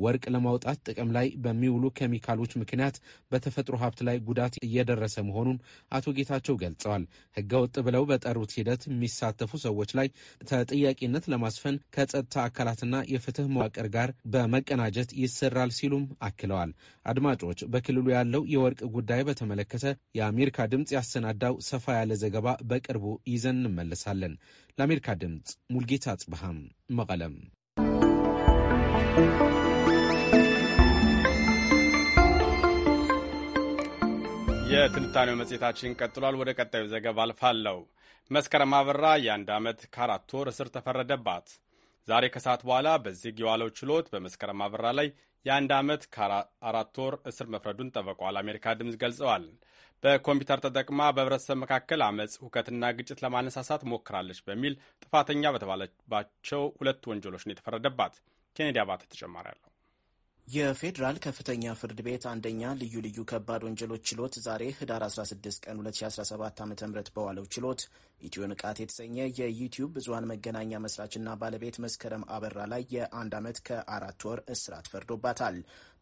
ወርቅ ለማውጣት ጥቅም ላይ በሚውሉ ኬሚካሎች ምክንያት በተፈጥሮ ሀብት ላይ ጉዳት እየደረሰ መሆኑን አቶ ጌታቸው ገልጸዋል። ህገወጥ ብለው በጠሩት ሂደት የሚሳተፉ ሰዎች ላይ ተጠያቂነት ለማስፈን ከጸጥታ አካላትና የፍትህ መዋቅር ጋር በመቀናጀት ይሰራል ሲሉም አክለዋል። አድማጮች በክልሉ ያለው የወርቅ ጉ ጉዳይ በተመለከተ የአሜሪካ ድምፅ ያሰናዳው ሰፋ ያለ ዘገባ በቅርቡ ይዘን እንመለሳለን። ለአሜሪካ ድምፅ ሙልጌታ አጽብሃም መቀለም። የትንታኔው መጽሔታችን ቀጥሏል። ወደ ቀጣዩ ዘገባ አልፋለሁ። መስከረም አበራ የአንድ ዓመት ከአራት ወር እስር ተፈረደባት። ዛሬ ከሰዓት በኋላ በዝግ የዋለው ችሎት በመስከረም አበራ ላይ የአንድ ዓመት ከአራት ወር እስር መፍረዱን ጠበቋ ለአሜሪካ ድምፅ ገልጸዋል። በኮምፒውተር ተጠቅማ በህብረተሰብ መካከል አመፅ፣ ሁከትና ግጭት ለማነሳሳት ሞክራለች በሚል ጥፋተኛ በተባለባቸው ሁለት ወንጀሎች ነው የተፈረደባት። ኬኔዲ አባተ ተጨማሪ አለው። የፌዴራል ከፍተኛ ፍርድ ቤት አንደኛ ልዩ ልዩ ከባድ ወንጀሎች ችሎት ዛሬ ህዳር 16 ቀን 2017 ዓ ም በዋለው ችሎት ኢትዮ ንቃት የተሰኘ የዩቲዩብ ብዙሀን መገናኛ መስራችና ባለቤት መስከረም አበራ ላይ የአንድ ዓመት ከአራት ወር እስራት ፈርዶባታል።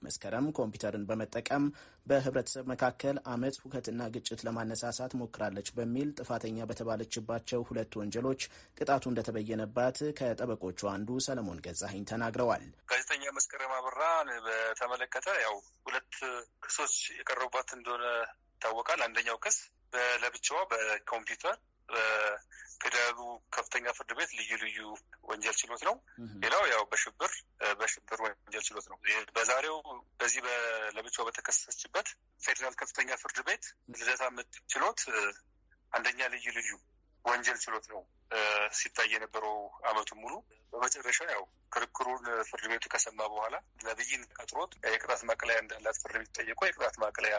መስከረም ኮምፒውተርን በመጠቀም በህብረተሰብ መካከል አመፅ፣ ሁከትና ግጭት ለማነሳሳት ሞክራለች በሚል ጥፋተኛ በተባለችባቸው ሁለት ወንጀሎች ቅጣቱ እንደተበየነባት ከጠበቆቹ አንዱ ሰለሞን ገዛኸኝ ተናግረዋል። ጋዜጠኛ መስከረም አበራን በተመለከተ ያው ሁለት ክሶች የቀረቡባት እንደሆነ ይታወቃል። አንደኛው ክስ ለብቻዋ በኮምፒውተር በፌዴራሉ ከፍተኛ ፍርድ ቤት ልዩ ልዩ ወንጀል ችሎት ነው። ሌላው ያው በሽብር በሽብር ወንጀል ችሎት ነው። በዛሬው በዚህ ለብቻው በተከሰሰችበት ፌዴራል ከፍተኛ ፍርድ ቤት ልደታ ምት ችሎት አንደኛ ልዩ ልዩ ወንጀል ችሎት ነው ሲታይ የነበረው አመቱን ሙሉ። በመጨረሻ ያው ክርክሩን ፍርድ ቤቱ ከሰማ በኋላ ለብይን ቀጥሮት የቅጣት ማቅለያ እንዳላት ፍርድ ቤት ጠየቆ የቅጣት ማቅለያ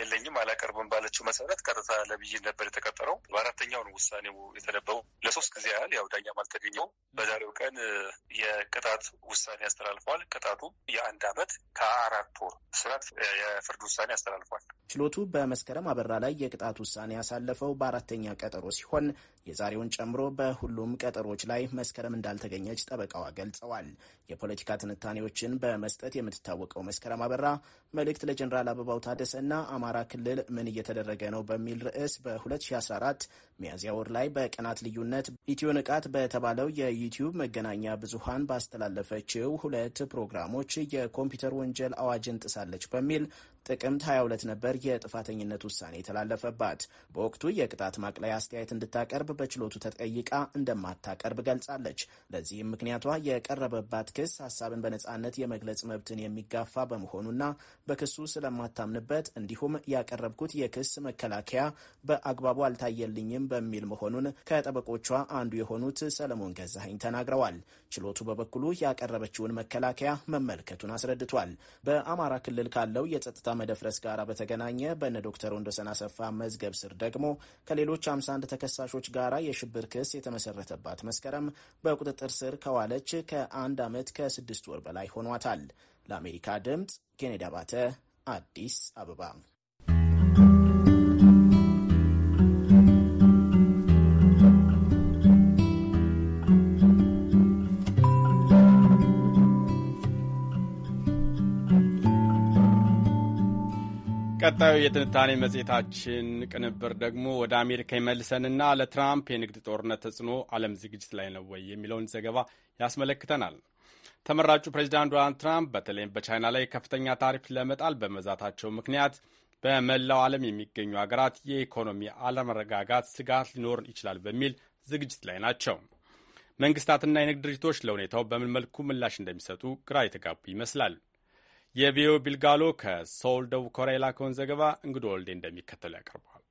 የለኝም አላቀርብም ባለችው መሰረት ቀጥታ ለብይን ነበር የተቀጠረው። በአራተኛው ነው ውሳኔው የተነበበው። ለሶስት ጊዜ ያህል ያው ዳኛም አልተገኘው። በዛሬው ቀን የቅጣት ውሳኔ አስተላልፏል። ቅጣቱም የአንድ አመት ከአራት ወር እስራት የፍርድ ውሳኔ አስተላልፏል። ችሎቱ በመስከረም አበራ ላይ የቅጣት ውሳኔ ያሳለፈው በአራተኛ ቀጠሮ ሲሆን የዛሬውን ጨምሮ በሁሉም ቀጠሮች ላይ መስከረም እንዳልተገኘች ጠበቃዋ ገልጸዋል። የፖለቲካ ትንታኔዎችን በመስጠት የምትታወቀው መስከረም አበራ መልእክት ለጀኔራል አበባው ታደሰና አማራ ክልል ምን እየተደረገ ነው በሚል ርዕስ በ2014 ሚያዝያ ወር ላይ በቀናት ልዩነት ኢትዮ ንቃት በተባለው የዩቲዩብ መገናኛ ብዙሃን ባስተላለፈችው ሁለት ፕሮግራሞች የኮምፒውተር ወንጀል አዋጅን ጥሳለች በሚል ጥቅምት 22 ነበር የጥፋተኝነት ውሳኔ የተላለፈባት። በወቅቱ የቅጣት ማቅለያ አስተያየት እንድታቀርብ በችሎቱ ተጠይቃ እንደማታቀርብ ገልጻለች። ለዚህም ምክንያቷ የቀረበባት ክስ ሀሳብን በነጻነት የመግለጽ መብትን የሚጋፋ በመሆኑና በክሱ ስለማታምንበት እንዲሁም ያቀረብኩት የክስ መከላከያ በአግባቡ አልታየልኝም በሚል መሆኑን ከጠበቆቿ አንዱ የሆኑት ሰለሞን ገዛኸኝ ተናግረዋል። ችሎቱ በበኩሉ ያቀረበችውን መከላከያ መመልከቱን አስረድቷል። በአማራ ክልል ካለው የጸጥታ መደፍረስ ጋር በተገናኘ በነ ዶክተር ወንዶሰን አሰፋ መዝገብ ስር ደግሞ ከሌሎች 51 ተከሳሾች ጋራ የሽብር ክስ የተመሰረተባት መስከረም በቁጥጥር ስር ከዋለች ከአንድ ዓመት ከስድስት ወር በላይ ሆኗታል። ለአሜሪካ ድምፅ ኬኔዲ አባተ አዲስ አበባ ቀጣዩ የትንታኔ መጽሔታችን ቅንብር ደግሞ ወደ አሜሪካ ይመልሰንና ለትራምፕ የንግድ ጦርነት ተጽዕኖ ዓለም ዝግጅት ላይ ነው ወይ የሚለውን ዘገባ ያስመለክተናል። ተመራጩ ፕሬዚዳንት ዶናልድ ትራምፕ በተለይም በቻይና ላይ ከፍተኛ ታሪፍ ለመጣል በመዛታቸው ምክንያት በመላው ዓለም የሚገኙ ሀገራት የኢኮኖሚ አለመረጋጋት ስጋት ሊኖር ይችላል በሚል ዝግጅት ላይ ናቸው። መንግስታትና የንግድ ድርጅቶች ለሁኔታው በምን መልኩ ምላሽ እንደሚሰጡ ግራ የተጋቡ ይመስላል። የቪዮ ቢልጋሎ ከሶል ደቡብ ኮሪያ የላከውን ዘገባ እንግዶ ወልዴ እንደሚከተሉ ያቀርበዋል።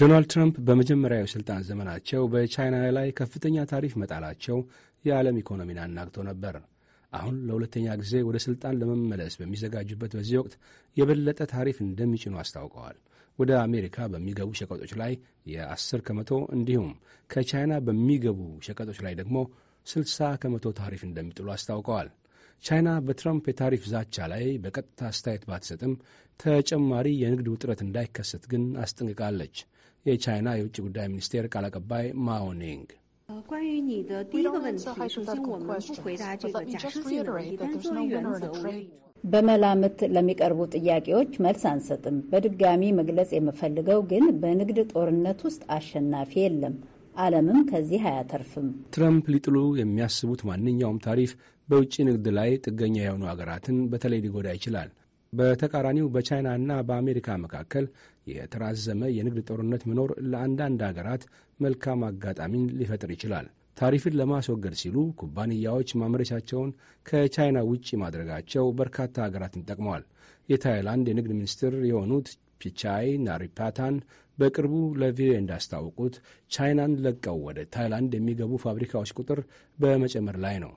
ዶናልድ ትራምፕ በመጀመሪያው የሥልጣን ዘመናቸው በቻይና ላይ ከፍተኛ ታሪፍ መጣላቸው የዓለም ኢኮኖሚን አናግቶ ነበር። አሁን ለሁለተኛ ጊዜ ወደ ሥልጣን ለመመለስ በሚዘጋጁበት በዚህ ወቅት የበለጠ ታሪፍ እንደሚጭኑ አስታውቀዋል። ወደ አሜሪካ በሚገቡ ሸቀጦች ላይ የአስር ከመቶ እንዲሁም ከቻይና በሚገቡ ሸቀጦች ላይ ደግሞ 60 ከመቶ ታሪፍ እንደሚጥሉ አስታውቀዋል። ቻይና በትራምፕ የታሪፍ ዛቻ ላይ በቀጥታ አስተያየት ባትሰጥም ተጨማሪ የንግድ ውጥረት እንዳይከሰት ግን አስጠንቅቃለች። የቻይና የውጭ ጉዳይ ሚኒስቴር ቃል አቀባይ ማኦኒንግ በመላምት ለሚቀርቡ ጥያቄዎች መልስ አንሰጥም። በድጋሚ መግለጽ የምፈልገው ግን በንግድ ጦርነት ውስጥ አሸናፊ የለም። ዓለምም ከዚህ አያተርፍም። ትረምፕ ሊጥሉ የሚያስቡት ማንኛውም ታሪፍ በውጭ ንግድ ላይ ጥገኛ የሆኑ ሀገራትን በተለይ ሊጎዳ ይችላል። በተቃራኒው በቻይና እና በአሜሪካ መካከል የተራዘመ የንግድ ጦርነት መኖር ለአንዳንድ ሀገራት መልካም አጋጣሚን ሊፈጥር ይችላል። ታሪፍን ለማስወገድ ሲሉ ኩባንያዎች ማምረቻቸውን ከቻይና ውጭ ማድረጋቸው በርካታ ሀገራትን ጠቅመዋል። የታይላንድ የንግድ ሚኒስትር የሆኑት ፒቻይ ናሪፓታን በቅርቡ ለቪኦኤ እንዳስታወቁት ቻይናን ለቀው ወደ ታይላንድ የሚገቡ ፋብሪካዎች ቁጥር በመጨመር ላይ ነው።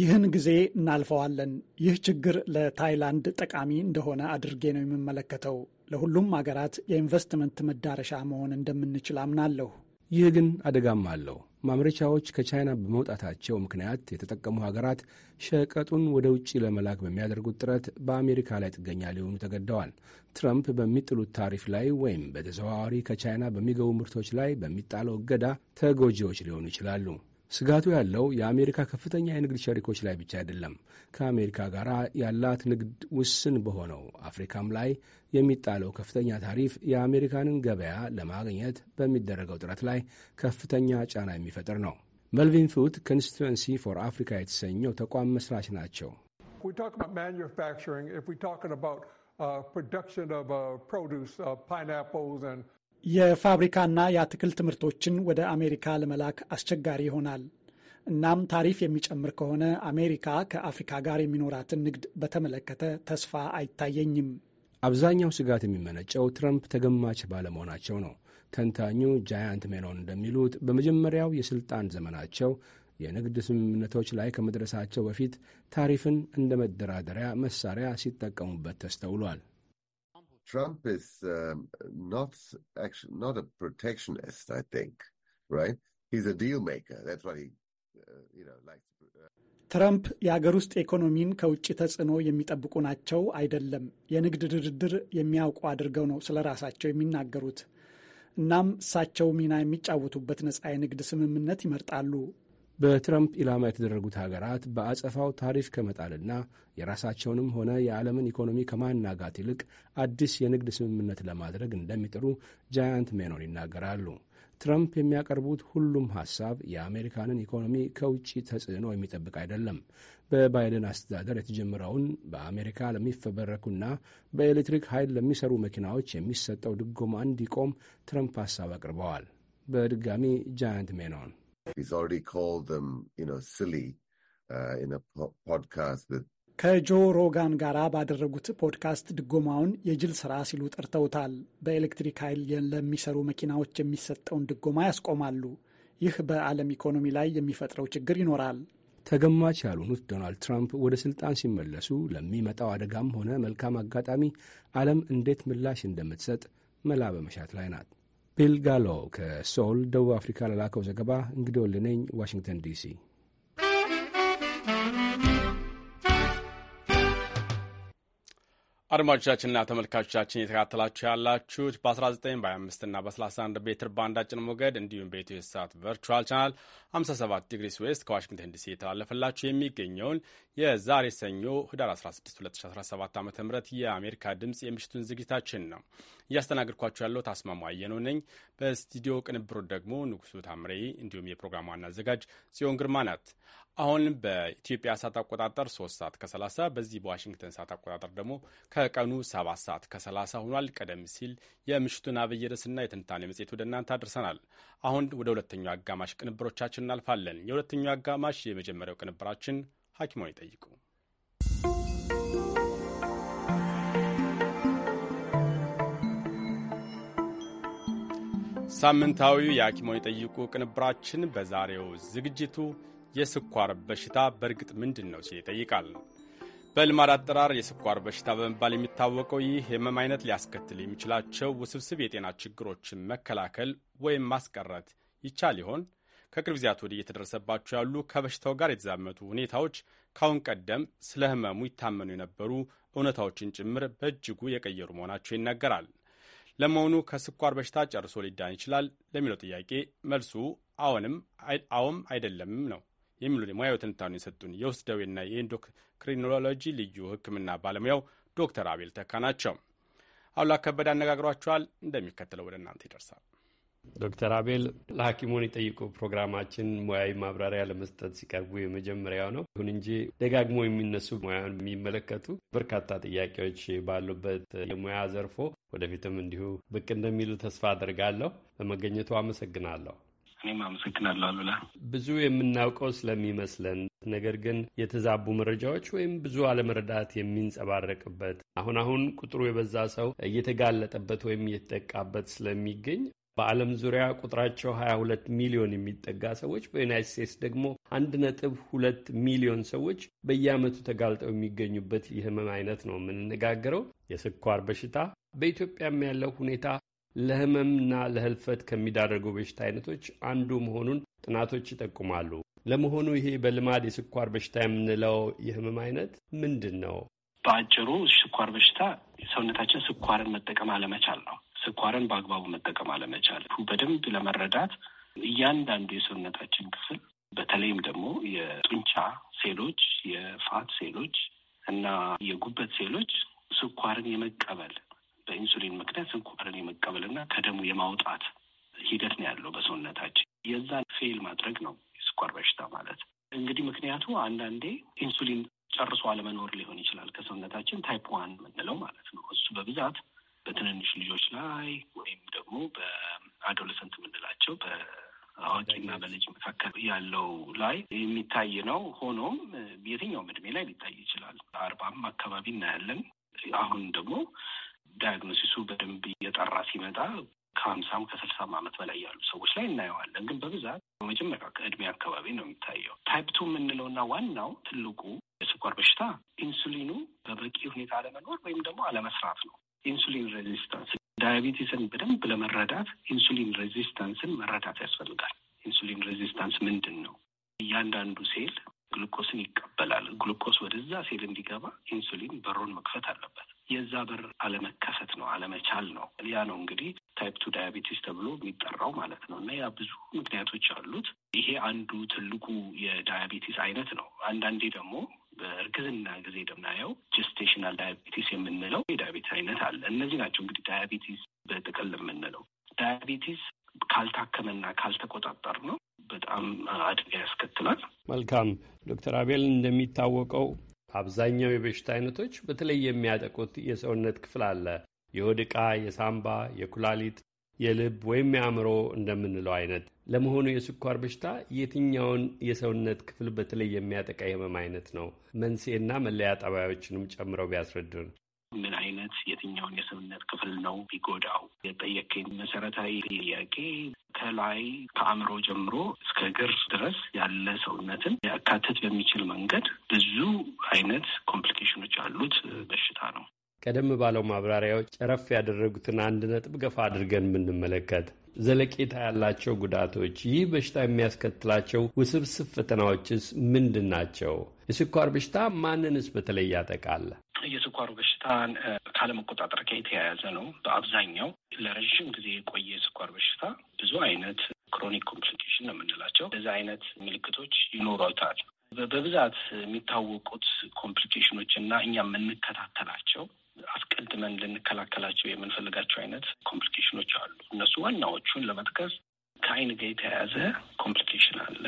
ይህን ጊዜ እናልፈዋለን። ይህ ችግር ለታይላንድ ጠቃሚ እንደሆነ አድርጌ ነው የምመለከተው። ለሁሉም አገራት የኢንቨስትመንት መዳረሻ መሆን እንደምንችል አምናለሁ። ይህ ግን አደጋም አለው። ማምረቻዎች ከቻይና በመውጣታቸው ምክንያት የተጠቀሙ ሀገራት ሸቀጡን ወደ ውጭ ለመላክ በሚያደርጉት ጥረት በአሜሪካ ላይ ጥገኛ ሊሆኑ ተገደዋል። ትራምፕ በሚጥሉት ታሪፍ ላይ ወይም በተዘዋዋሪ ከቻይና በሚገቡ ምርቶች ላይ በሚጣለው እገዳ ተጎጂዎች ሊሆኑ ይችላሉ። ስጋቱ ያለው የአሜሪካ ከፍተኛ የንግድ ሸሪኮች ላይ ብቻ አይደለም፣ ከአሜሪካ ጋር ያላት ንግድ ውስን በሆነው አፍሪካም ላይ የሚጣለው ከፍተኛ ታሪፍ የአሜሪካንን ገበያ ለማግኘት በሚደረገው ጥረት ላይ ከፍተኛ ጫና የሚፈጥር ነው። መልቪን ፉት ኮንስቲትዌንሲ ፎር አፍሪካ የተሰኘው ተቋም መስራች ናቸው። ፕሮዳክሽን ፕሮዱስ ፓይናፕልስ የፋብሪካና የአትክልት ምርቶችን ወደ አሜሪካ ለመላክ አስቸጋሪ ይሆናል። እናም ታሪፍ የሚጨምር ከሆነ አሜሪካ ከአፍሪካ ጋር የሚኖራትን ንግድ በተመለከተ ተስፋ አይታየኝም። አብዛኛው ስጋት የሚመነጨው ትረምፕ ተገማች ባለመሆናቸው ነው። ተንታኙ ጃያንት ሜኖን እንደሚሉት በመጀመሪያው የስልጣን ዘመናቸው የንግድ ስምምነቶች ላይ ከመድረሳቸው በፊት ታሪፍን እንደ መደራደሪያ መሳሪያ ሲጠቀሙበት ተስተውሏል። Trump is um, not actually not a protectionist, I think, right? He's a deal maker. That's what he uh, you know, likes. Uh. ትራምፕ የአገር ውስጥ ኢኮኖሚን ከውጭ ተጽዕኖ የሚጠብቁ ናቸው አይደለም፣ የንግድ ድርድር የሚያውቁ አድርገው ነው ስለ ራሳቸው የሚናገሩት። እናም እሳቸው ሚና የሚጫወቱበት ነጻ የንግድ ስምምነት ይመርጣሉ። በትረምፕ ኢላማ የተደረጉት ሀገራት በአጸፋው ታሪፍ ከመጣልና የራሳቸውንም ሆነ የዓለምን ኢኮኖሚ ከማናጋት ይልቅ አዲስ የንግድ ስምምነት ለማድረግ እንደሚጥሩ ጃያንት ሜኖን ይናገራሉ። ትረምፕ የሚያቀርቡት ሁሉም ሐሳብ የአሜሪካንን ኢኮኖሚ ከውጭ ተጽዕኖ የሚጠብቅ አይደለም። በባይደን አስተዳደር የተጀመረውን በአሜሪካ ለሚፈበረኩና በኤሌክትሪክ ኃይል ለሚሰሩ መኪናዎች የሚሰጠው ድጎማ እንዲቆም ትረምፕ ሐሳብ አቅርበዋል። በድጋሚ ጃያንት ሜኖን ከጆ ሮጋን ጋር ባደረጉት ፖድካስት ድጎማውን የጅል ስራ ሲሉ ጠርተውታል። በኤሌክትሪክ ኃይል ለሚሰሩ መኪናዎች የሚሰጠውን ድጎማ ያስቆማሉ። ይህ በዓለም ኢኮኖሚ ላይ የሚፈጥረው ችግር ይኖራል። ተገማች ያልሆኑት ዶናልድ ትራምፕ ወደ ስልጣን ሲመለሱ ለሚመጣው አደጋም ሆነ መልካም አጋጣሚ ዓለም እንዴት ምላሽ እንደምትሰጥ መላ በመሻት ላይ ናት። ቢል ጋሎ ከሶል ደቡብ አፍሪካ ለላከው ዘገባ እንግዲህ ወልነኝ ዋሽንግተን ዲሲ አድማጮቻችንና ተመልካቾቻችን እየተካተላችሁ ያላችሁት በ19 በ25 ና በ31 ሜትር ባንድ አጭር ሞገድ እንዲሁም በኢትዮ ሳት ቨርቹዋል ቻናል 57 ዲግሪስ ዌስት ከዋሽንግተን ዲሲ የተላለፈላችሁ የሚገኘውን የዛሬ ሰኞ ህዳር 16 2017 ዓ ም የአሜሪካ ድምፅ የምሽቱን ዝግጅታችን ነው። እያስተናገድኳችሁ ያለው ታስማማ አየነው ነኝ። በስቱዲዮ ቅንብሩ ደግሞ ንጉሱ ታምሬ እንዲሁም የፕሮግራም ዋና አዘጋጅ ጽዮን ግርማ ናት። አሁን በኢትዮጵያ ሰዓት አቆጣጠር 3 ሰዓት ከ30 በዚህ በዋሽንግተን ሰዓት አቆጣጠር ደግሞ ከቀኑ 7 ሰዓት ከ30 ሆኗል። ቀደም ሲል የምሽቱን አብይ ርዕስና የትንታኔ መጽሔት ወደ እናንተ አድርሰናል። አሁን ወደ ሁለተኛው አጋማሽ ቅንብሮቻችን እናልፋለን። የሁለተኛው አጋማሽ የመጀመሪያው ቅንብራችን ሐኪሞን ይጠይቁ ሳምንታዊው የሐኪሞን ይጠይቁ ቅንብራችን በዛሬው ዝግጅቱ የስኳር በሽታ በእርግጥ ምንድን ነው ሲል ይጠይቃል። በልማድ አጠራር የስኳር በሽታ በመባል የሚታወቀው ይህ የህመም አይነት ሊያስከትል የሚችላቸው ውስብስብ የጤና ችግሮችን መከላከል ወይም ማስቀረት ይቻል ይሆን? ከቅርብ ጊዜያት ወዲህ እየተደረሰባቸው ያሉ ከበሽታው ጋር የተዛመቱ ሁኔታዎች ካሁን ቀደም ስለ ህመሙ ይታመኑ የነበሩ እውነታዎችን ጭምር በእጅጉ የቀየሩ መሆናቸው ይነገራል። ለመሆኑ ከስኳር በሽታ ጨርሶ ሊዳን ይችላል ለሚለው ጥያቄ መልሱ አዎንም አዎም አይደለምም ነው። የሚሉን የሙያዊ ትንታኔ የሰጡን የውስጥ ደዌና የኢንዶክሪኖሎጂ ልዩ ሕክምና ባለሙያው ዶክተር አቤል ተካ ናቸው። አሉላ ከበደ አነጋግሯቸዋል። እንደሚከተለው ወደ እናንተ ይደርሳል። ዶክተር አቤል ለሐኪሙን የጠይቁ ፕሮግራማችን ሙያዊ ማብራሪያ ለመስጠት ሲቀርቡ የመጀመሪያው ነው። ይሁን እንጂ ደጋግሞ የሚነሱ ሙያን የሚመለከቱ በርካታ ጥያቄዎች ባሉበት የሙያ ዘርፎ ወደፊትም እንዲሁ ብቅ እንደሚሉ ተስፋ አድርጋለሁ። በመገኘቱ አመሰግናለሁ። እኔም አመሰግናለሁ አሉላ። ብዙ የምናውቀው ስለሚመስለን ነገር ግን የተዛቡ መረጃዎች ወይም ብዙ አለመረዳት የሚንጸባረቅበት አሁን አሁን ቁጥሩ የበዛ ሰው እየተጋለጠበት ወይም እየተጠቃበት ስለሚገኝ በዓለም ዙሪያ ቁጥራቸው 22 ሚሊዮን የሚጠጋ ሰዎች በዩናይት ስቴትስ ደግሞ 1.2 ሚሊዮን ሰዎች በየዓመቱ ተጋልጠው የሚገኙበት የህመም አይነት ነው የምንነጋገረው፣ የስኳር በሽታ። በኢትዮጵያም ያለው ሁኔታ ለህመምና ለህልፈት ከሚዳረጉ በሽታ አይነቶች አንዱ መሆኑን ጥናቶች ይጠቁማሉ። ለመሆኑ ይሄ በልማድ የስኳር በሽታ የምንለው የህመም አይነት ምንድን ነው? በአጭሩ ስኳር በሽታ ሰውነታችን ስኳርን መጠቀም አለመቻል ነው። ስኳርን በአግባቡ መጠቀም አለመቻል በደንብ ለመረዳት እያንዳንዱ የሰውነታችን ክፍል በተለይም ደግሞ የጡንቻ ሴሎች፣ የፋት ሴሎች እና የጉበት ሴሎች ስኳርን የመቀበል በኢንሱሊን ምክንያት ስኳርን የመቀበልና ከደሙ የማውጣት ሂደት ነው ያለው በሰውነታችን። የዛን ፌል ማድረግ ነው የስኳር በሽታ ማለት። እንግዲህ ምክንያቱ አንዳንዴ ኢንሱሊን ጨርሶ አለመኖር ሊሆን ይችላል ከሰውነታችን ታይፕ ዋን የምንለው ማለት ነው። እሱ በብዛት በትንንሽ ልጆች ላይ ወይም ደግሞ በአዶለሰንት የምንላቸው በአዋቂና በልጅ መካከል ያለው ላይ የሚታይ ነው። ሆኖም የትኛውም እድሜ ላይ ሊታይ ይችላል። አርባም አካባቢ እናያለን። አሁን ደግሞ ዳያግኖሲሱ በደንብ እየጠራ ሲመጣ ከሀምሳም ከስልሳም ዓመት በላይ ያሉ ሰዎች ላይ እናየዋለን። ግን በብዛት በመጀመሪያ ከእድሜ አካባቢ ነው የሚታየው። ታይፕ ቱ የምንለውና ዋናው ትልቁ የስኳር በሽታ ኢንሱሊኑ በበቂ ሁኔታ አለመኖር ወይም ደግሞ አለመስራት ነው። ኢንሱሊን ሬዚስታንስ ዳያቤቲስን በደንብ ለመረዳት ኢንሱሊን ሬዚስታንስን መረዳት ያስፈልጋል። ኢንሱሊን ሬዚስታንስ ምንድን ነው? እያንዳንዱ ሴል ግሉኮስን ይቀበላል። ግሉኮስ ወደዛ ሴል እንዲገባ ኢንሱሊን በሮን መክፈት አለበት። የዛ በር አለመከፈት ነው፣ አለመቻል ነው። ያ ነው እንግዲህ ታይፕ ቱ ዳያቤቲስ ተብሎ የሚጠራው ማለት ነው። እና ያ ብዙ ምክንያቶች አሉት። ይሄ አንዱ ትልቁ የዳያቤቲስ አይነት ነው። አንዳንዴ ደግሞ በእርግዝና ጊዜ ደምናየው ጀስቴሽናል ዳያቤቲስ የምንለው የዳያቤቲስ አይነት አለ። እነዚህ ናቸው እንግዲህ ዳያቤቲስ በጥቅል የምንለው። ዳያቤቲስ ካልታከመና ካልተቆጣጠር ነው በጣም አደጋ ያስከትላል። መልካም ዶክተር አቤል እንደሚታወቀው አብዛኛው የበሽታ አይነቶች በተለይ የሚያጠቁት የሰውነት ክፍል አለ። የሆድ ዕቃ፣ የሳምባ፣ የኩላሊት፣ የልብ ወይም የአእምሮ እንደምንለው አይነት። ለመሆኑ የስኳር በሽታ የትኛውን የሰውነት ክፍል በተለይ የሚያጠቃ የህመም አይነት ነው? መንስኤና መለያ ጠባዮችንም ጨምረው ቢያስረዱን። ምን አይነት የትኛውን የሰውነት ክፍል ነው ቢጎዳው? የጠየከኝ መሰረታዊ ጥያቄ ከላይ ከአእምሮ ጀምሮ እስከ እግር ድረስ ያለ ሰውነትን ያካትት በሚችል መንገድ ብዙ አይነት ኮምፕሊኬሽኖች ያሉት በሽታ ነው። ቀደም ባለው ማብራሪያዎች ጨረፍ ያደረጉትን አንድ ነጥብ ገፋ አድርገን ብንመለከት ዘለቄታ ያላቸው ጉዳቶች፣ ይህ በሽታ የሚያስከትላቸው ውስብስብ ፈተናዎችስ ምንድን ናቸው? የስኳር በሽታ ማንንስ በተለይ ያጠቃል? የስኳር በሽታን ካለመቆጣጠር ጋር የተያያዘ ነው። በአብዛኛው ለረዥም ጊዜ የቆየ የስኳር በሽታ ብዙ አይነት ክሮኒክ ኮምፕሊኬሽን ነው የምንላቸው በዛ አይነት ምልክቶች ይኖሯታል። በብዛት የሚታወቁት ኮምፕሊኬሽኖች እና እኛ የምንከታተላቸው አስቀድመን ልንከላከላቸው የምንፈልጋቸው አይነት ኮምፕሊኬሽኖች አሉ። እነሱ ዋናዎቹን ለመጥቀስ ከአይን ጋር የተያያዘ ኮምፕሊኬሽን አለ።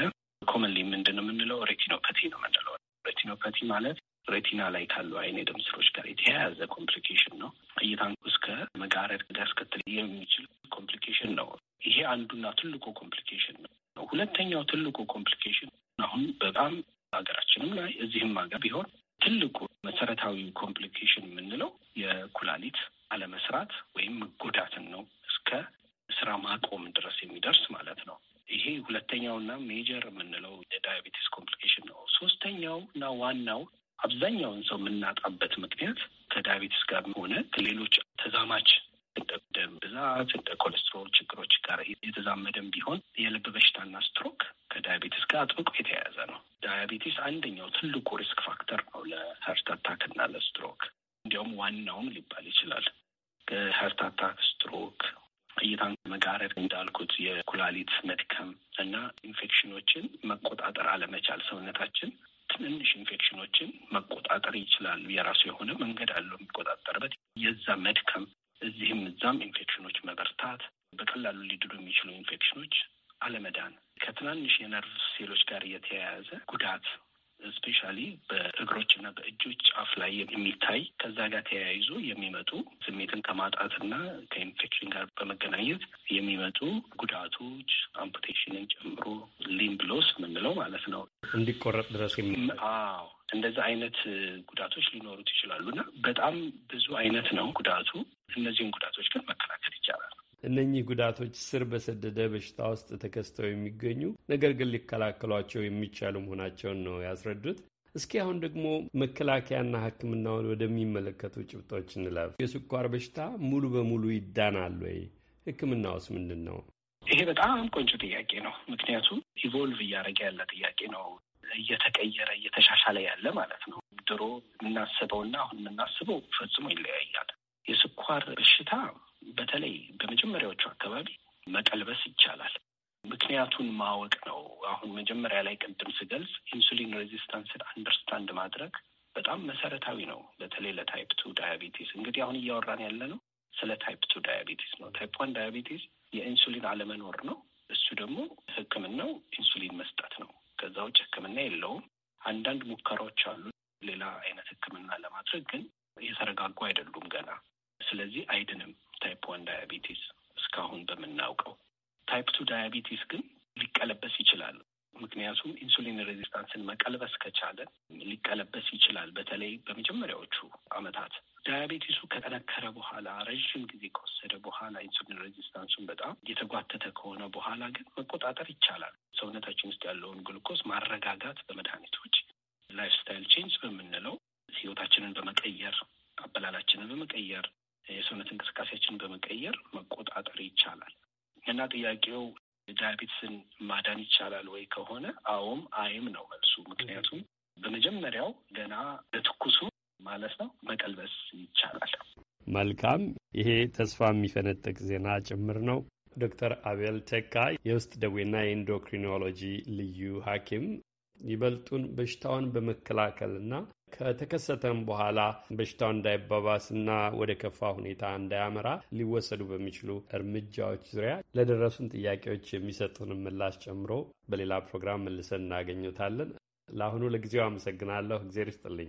ኮመንሊ ምንድን የምንለው ሬቲኖፓቲ ነው የምንለው። ሬቲኖፓቲ ማለት ሬቲና ላይ ካሉ አይን የደም ስሮች ጋር የተያያዘ ኮምፕሊኬሽን ነው። እይታን እስከ መጋረድ ሊያስከትል የሚችል ኮምፕሊኬሽን ነው። ይሄ አንዱና ትልቁ ኮምፕሊኬሽን ነው። ሁለተኛው ትልቁ ኮምፕሊኬሽን አሁን በጣም ሀገራችንም ላይ እዚህም ሀገር ቢሆን ትልቁ መሰረታዊ ኮምፕሊኬሽን የምንለው የኩላሊት አለመስራት ወይም መጎዳትን ነው እስከ ስራ ማቆም ድረስ የሚደርስ ማለት ነው። ይሄ ሁለተኛውና ሜጀር የምንለው የዳያቤቲስ ኮምፕሊኬሽን ነው። ሶስተኛውና ዋናው አብዛኛውን ሰው የምናጣበት ምክንያት ከዳያቤቲስ ጋር ሆነ ሌሎች ተዛማች እንደ ደም ብዛት፣ እንደ ኮሌስትሮል ችግሮች ጋር የተዛመደም ቢሆን የልብ በሽታና ስትሮክ ከዳያቤቲስ ጋር አጥብቆ የተያያዘ ነው። ዳያቤቲስ አንደኛው ትልቁ ሪስክ ፋክተር ነው ለሀርት አታክና ለስትሮክ እንዲያውም ዋናውም ሊባል ይችላል። ከሀርት አታክ፣ ስትሮክ፣ እይታን መጋረድ እንዳልኩት የኩላሊት መድከም እና ኢንፌክሽኖችን መቆጣጠር አለመቻል ሰውነታችን ትንንሽ ኢንፌክሽኖችን መቆጣጠር ይችላል። የራሱ የሆነ መንገድ አለው የሚቆጣጠርበት። የዛ መድከም እዚህም እዛም ኢንፌክሽኖች መበርታት፣ በቀላሉ ሊድሉ የሚችሉ ኢንፌክሽኖች አለመዳን፣ ከትናንሽ የነርቭ ሴሎች ጋር የተያያዘ ጉዳት እስፔሻሊ በእግሮችና በእጆች ጫፍ ላይ የሚታይ ከዛ ጋር ተያይዞ የሚመጡ ስሜትን ከማጣትና ከኢንፌክሽን ጋር በመገናኘት የሚመጡ ጉዳቶች አምፑቴሽንን ጨምሮ ሊምብ ሎስ የምንለው ማለት ነው። እንዲቆረጥ ድረስ አዎ አይነት ጉዳቶች ሊኖሩት ይችላሉ እና በጣም ብዙ አይነት ነው ጉዳቱ። እነዚህን ጉዳቶች ግን መከላከል ይቻላል። እነኚህ ጉዳቶች ስር በሰደደ በሽታ ውስጥ ተከስተው የሚገኙ ነገር ግን ሊከላከሏቸው የሚቻሉ መሆናቸውን ነው ያስረዱት። እስኪ አሁን ደግሞ መከላከያና ሕክምናውን ወደሚመለከቱ ጭብጦች እንለፍ። የስኳር በሽታ ሙሉ በሙሉ ይዳናል ወይ? ሕክምናውስ ምንድን ነው? ይሄ በጣም ቆንጆ ጥያቄ ነው። ምክንያቱም ኢቮልቭ እያደረገ ያለ ጥያቄ ነው። እየተቀየረ እየተሻሻለ ያለ ማለት ነው። ድሮ የምናስበውና አሁን የምናስበው ፈጽሞ ይለያያል። የስኳር በሽታ በተለይ በመጀመሪያዎቹ አካባቢ መቀልበስ ይቻላል። ምክንያቱን ማወቅ ነው። አሁን መጀመሪያ ላይ ቅድም ስገልጽ ኢንሱሊን ሬዚስታንስን አንደርስታንድ ማድረግ በጣም መሰረታዊ ነው። በተለይ ለታይፕ ቱ ዳያቤቲስ እንግዲህ አሁን እያወራን ያለ ነው ስለ ታይፕ ቱ ዳያቤቲስ ነው። ታይፕ ዋን ዳያቤቲስ የኢንሱሊን አለመኖር ነው። እሱ ደግሞ ሕክምናው ኢንሱሊን መስጠት ነው። ከዛ ውጭ ሕክምና የለውም። አንዳንድ ሙከራዎች አሉ ሌላ አይነት ሕክምና ለማድረግ ግን የተረጋጉ አይደሉም ገና ስለዚህ አይድንም ታይፕ ዋን ዳያቢቲስ እስካሁን በምናውቀው። ታይፕ ቱ ዳያቢቲስ ግን ሊቀለበስ ይችላል። ምክንያቱም ኢንሱሊን ሬዚስታንስን መቀልበስ ከቻለ ሊቀለበስ ይችላል። በተለይ በመጀመሪያዎቹ አመታት ዳያቤቲሱ ከጠነከረ በኋላ ረዥም ጊዜ ከወሰደ በኋላ ኢንሱሊን ሬዚስታንሱን በጣም የተጓተተ ከሆነ በኋላ ግን መቆጣጠር ይቻላል። ሰውነታችን ውስጥ ያለውን ግሉኮስ ማረጋጋት በመድኃኒቶች ላይፍ ስታይል ቼንጅ በምንለው ህይወታችንን በመቀየር አበላላችንን በመቀየር የሰውነት እንቅስቃሴያችንን በመቀየር መቆጣጠር ይቻላል እና ጥያቄው ዳያቤትስን ማዳን ይቻላል ወይ ከሆነ አዎም አይም ነው መልሱ። ምክንያቱም በመጀመሪያው ገና ለትኩሱ ማለት ነው መቀልበስ ይቻላል። መልካም፣ ይሄ ተስፋ የሚፈነጥቅ ዜና ጭምር ነው። ዶክተር አቤል ተካ የውስጥ ደዌና የኢንዶክሪኖሎጂ ልዩ ሐኪም ይበልጡን በሽታውን በመከላከልና ከተከሰተም በኋላ በሽታው እንዳይባባስና ወደ ከፋ ሁኔታ እንዳያመራ ሊወሰዱ በሚችሉ እርምጃዎች ዙሪያ ለደረሱን ጥያቄዎች የሚሰጡንም ምላሽ ጨምሮ በሌላ ፕሮግራም መልሰን እናገኘታለን። ለአሁኑ ለጊዜው አመሰግናለሁ። እግዜር ይስጥልኝ።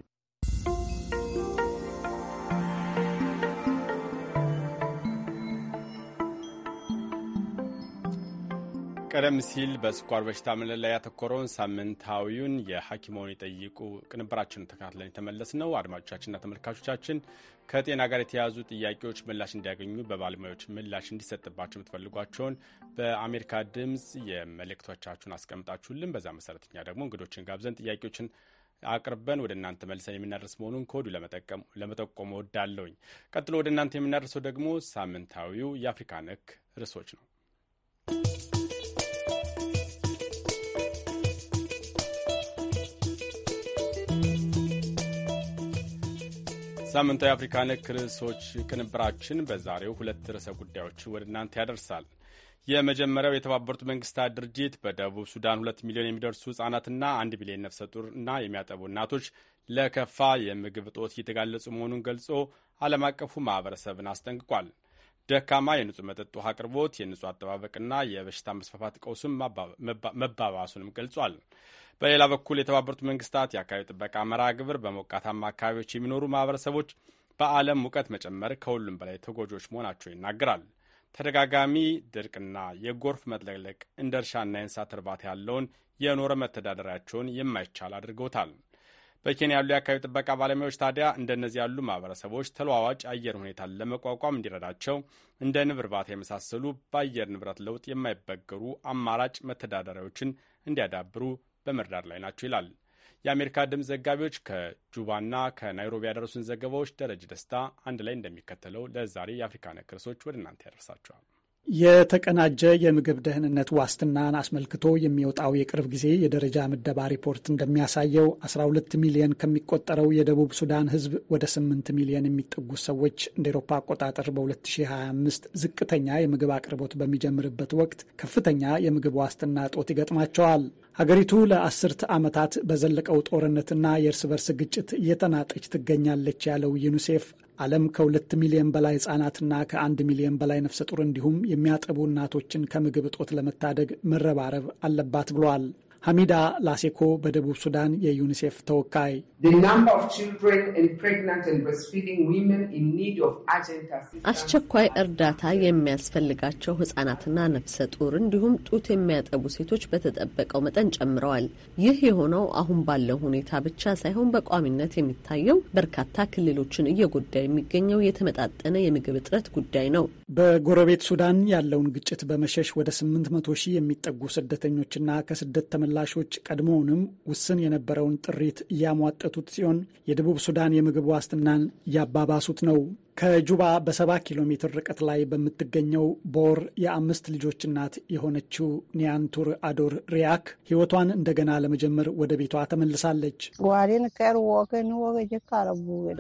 ቀደም ሲል በስኳር በሽታ ምልል ላይ ያተኮረውን ሳምንታዊውን የሐኪሞን የጠይቁ ቅንብራችን ተከታትለን የተመለስ ነው። አድማጮቻችንና ተመልካቾቻችን ከጤና ጋር የተያያዙ ጥያቄዎች ምላሽ እንዲያገኙ በባለሙያዎች ምላሽ እንዲሰጥባቸው የምትፈልጓቸውን በአሜሪካ ድምፅ የመልእክቶቻችሁን አስቀምጣችሁልን፣ በዛ መሰረት ደግሞ እንግዶችን ጋብዘን ጥያቄዎችን አቅርበን ወደ እናንተ መልሰን የምናደርስ መሆኑን ከወዲሁ ለመጠቆም ወዳለውኝ። ቀጥሎ ወደ እናንተ የምናደርሰው ደግሞ ሳምንታዊው የአፍሪካ ነክ ርዕሶች ነው። ሳምንታዊ አፍሪካ ነክ ርዕሶች ቅንብራችን በዛሬው ሁለት ርዕሰ ጉዳዮች ወደ እናንተ ያደርሳል። የመጀመሪያው የተባበሩት መንግስታት ድርጅት በደቡብ ሱዳን ሁለት ሚሊዮን የሚደርሱ ህጻናትና አንድ ሚሊዮን ነፍሰ ጡርና የሚያጠቡ እናቶች ለከፋ የምግብ እጦት እየተጋለጹ መሆኑን ገልጾ ዓለም አቀፉ ማህበረሰብን አስጠንቅቋል። ደካማ የንጹህ መጠጥ ውሃ አቅርቦት፣ የንጹህ አጠባበቅና የበሽታ መስፋፋት ቀውሱን መባባሱንም ገልጿል። በሌላ በኩል የተባበሩት መንግስታት የአካባቢ ጥበቃ መርሃ ግብር በሞቃታማ አካባቢዎች የሚኖሩ ማህበረሰቦች በዓለም ሙቀት መጨመር ከሁሉም በላይ ተጎጂዎች መሆናቸው ይናገራል። ተደጋጋሚ ድርቅና የጎርፍ መጥለቅለቅ እንደ እርሻና የእንስሳት እርባታ ያለውን የኖረ መተዳደሪያቸውን የማይቻል አድርገውታል። በኬንያ ያሉ የአካባቢ ጥበቃ ባለሙያዎች ታዲያ እንደነዚህ ያሉ ማህበረሰቦች ተለዋዋጭ አየር ሁኔታን ለመቋቋም እንዲረዳቸው እንደ ንብ እርባታ የመሳሰሉ በአየር ንብረት ለውጥ የማይበገሩ አማራጭ መተዳደሪያዎችን እንዲያዳብሩ በመርዳት ላይ ናቸው ይላል። የአሜሪካ ድምፅ ዘጋቢዎች ከጁባና ከናይሮቢ ያደረሱን ዘገባዎች ደረጀ ደስታ አንድ ላይ እንደሚከተለው ለዛሬ የአፍሪካ ነክ ርዕሶች ወደ እናንተ ያደርሳቸዋል። የተቀናጀ የምግብ ደህንነት ዋስትናን አስመልክቶ የሚወጣው የቅርብ ጊዜ የደረጃ ምደባ ሪፖርት እንደሚያሳየው 12 ሚሊዮን ከሚቆጠረው የደቡብ ሱዳን ሕዝብ ወደ 8 ሚሊዮን የሚጠጉ ሰዎች እንደ ኤሮፓ አቆጣጠር በ2025 ዝቅተኛ የምግብ አቅርቦት በሚጀምርበት ወቅት ከፍተኛ የምግብ ዋስትና እጦት ይገጥማቸዋል። ሀገሪቱ ለአስርት ዓመታት በዘለቀው ጦርነትና የእርስ በርስ ግጭት እየተናጠች ትገኛለች ያለው ዩኒሴፍ ዓለም ከሁለት ሚሊዮን በላይ ህጻናትና ከአንድ ሚሊዮን በላይ ነፍሰ ጡር እንዲሁም የሚያጠቡ እናቶችን ከምግብ እጦት ለመታደግ መረባረብ አለባት ብለዋል። ሐሚዳ ላሴኮ በደቡብ ሱዳን የዩኒሴፍ ተወካይ፣ አስቸኳይ እርዳታ የሚያስፈልጋቸው ህጻናትና ነፍሰ ጡር እንዲሁም ጡት የሚያጠቡ ሴቶች በተጠበቀው መጠን ጨምረዋል። ይህ የሆነው አሁን ባለው ሁኔታ ብቻ ሳይሆን በቋሚነት የሚታየው በርካታ ክልሎችን እየጎዳ የሚገኘው የተመጣጠነ የምግብ እጥረት ጉዳይ ነው። በጎረቤት ሱዳን ያለውን ግጭት በመሸሽ ወደ 800 ሺህ የሚጠጉ ስደተኞችና ከስደት ተመ ምላሾች ቀድሞውንም ውስን የነበረውን ጥሪት እያሟጠቱት ሲሆን የደቡብ ሱዳን የምግብ ዋስትናን እያባባሱት ነው። ከጁባ በሰባ ኪሎ ሜትር ርቀት ላይ በምትገኘው ቦር የአምስት ልጆች እናት የሆነችው ኒያንቱር አዶር ሪያክ ሕይወቷን እንደገና ለመጀመር ወደ ቤቷ ተመልሳለች።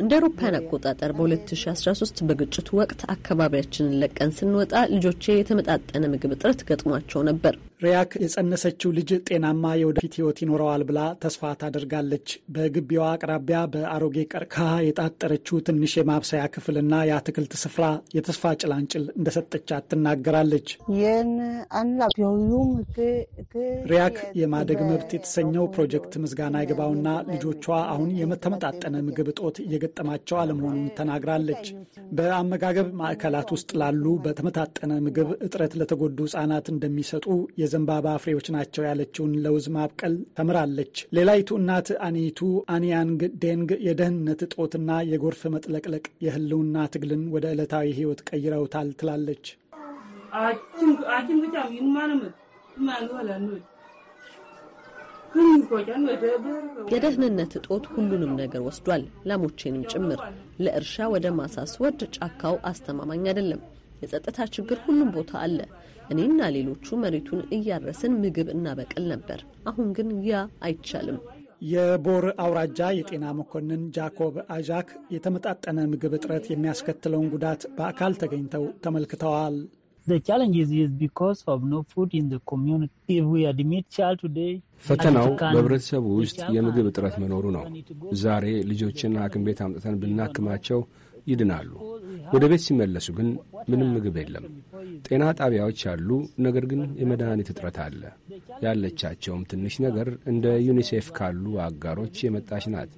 እንደ አውሮፓውያን አቆጣጠር በ2013 በግጭቱ ወቅት አካባቢያችንን ለቀን ስንወጣ ልጆቼ የተመጣጠነ ምግብ እጥረት ገጥሟቸው ነበር። ሪያክ የጸነሰችው ልጅ ጤናማ የወደፊት ሕይወት ይኖረዋል ብላ ተስፋ ታደርጋለች። በግቢዋ አቅራቢያ በአሮጌ ቀርከሃ የጣጠረችው ትንሽ የማብሰያ ክፍልና የአትክልት ስፍራ የተስፋ ጭላንጭል እንደሰጠቻት ትናገራለች። ሪያክ የማደግ መብት የተሰኘው ፕሮጀክት ምዝጋና ይግባውና ልጆቿ አሁን የተመጣጠነ ምግብ እጦት እየገጠማቸው አለመሆኑን ተናግራለች። በአመጋገብ ማዕከላት ውስጥ ላሉ በተመጣጠነ ምግብ እጥረት ለተጎዱ ህጻናት እንደሚሰጡ የዘንባባ ፍሬዎች ናቸው ያለችውን ለውዝ ማብቀል ተምራለች። ሌላይቱ እናት አኒቱ አንያንግ ዴንግ የደህንነት እጦትና የጎርፍ መጥለቅለቅ የህልውና ትግልን ወደ ዕለታዊ ህይወት ቀይረውታል ትላለች። የደህንነት እጦት ሁሉንም ነገር ወስዷል፣ ላሞቼንም ጭምር። ለእርሻ ወደ ማሳ ስወርድ ጫካው አስተማማኝ አይደለም። የጸጥታ ችግር ሁሉም ቦታ አለ። እኔና ሌሎቹ መሬቱን እያረስን ምግብ እናበቅል ነበር። አሁን ግን ያ አይቻልም። የቦር አውራጃ የጤና መኮንን ጃኮብ አዣክ የተመጣጠነ ምግብ እጥረት የሚያስከትለውን ጉዳት በአካል ተገኝተው ተመልክተዋል። ፈተናው በህብረተሰቡ ውስጥ የምግብ እጥረት መኖሩ ነው። ዛሬ ልጆችን ሐኪም ቤት አምጥተን ብናክማቸው ይድናሉ። ወደ ቤት ሲመለሱ ግን ምንም ምግብ የለም። ጤና ጣቢያዎች አሉ፣ ነገር ግን የመድኃኒት እጥረት አለ። ያለቻቸውም ትንሽ ነገር እንደ ዩኒሴፍ ካሉ አጋሮች የመጣች ናት።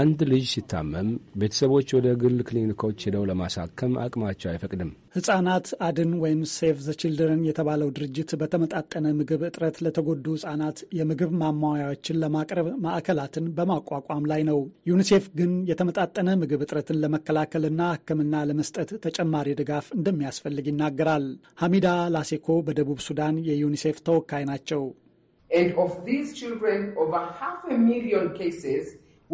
አንድ ልጅ ሲታመም ቤተሰቦች ወደ ግል ክሊኒኮች ሄደው ለማሳከም አቅማቸው አይፈቅድም። ሕፃናት አድን ወይም ሴቭ ዘ ችልድረን የተባለው ድርጅት በተመጣጠነ ምግብ እጥረት ለተጎዱ ሕፃናት የምግብ ማሟያዎችን ለማቅረብ ማዕከላትን በማቋቋም ላይ ነው። ዩኒሴፍ ግን የተመጣጠነ ምግብ እጥረትን ለመከላከልና ሕክምና ለመስጠት ተጨማሪ ድጋፍ እንደሚያስፈልግ ይናገራል። ሐሚዳ ላሴኮ በደቡብ ሱዳን የዩኒሴፍ ተወካይ ናቸው።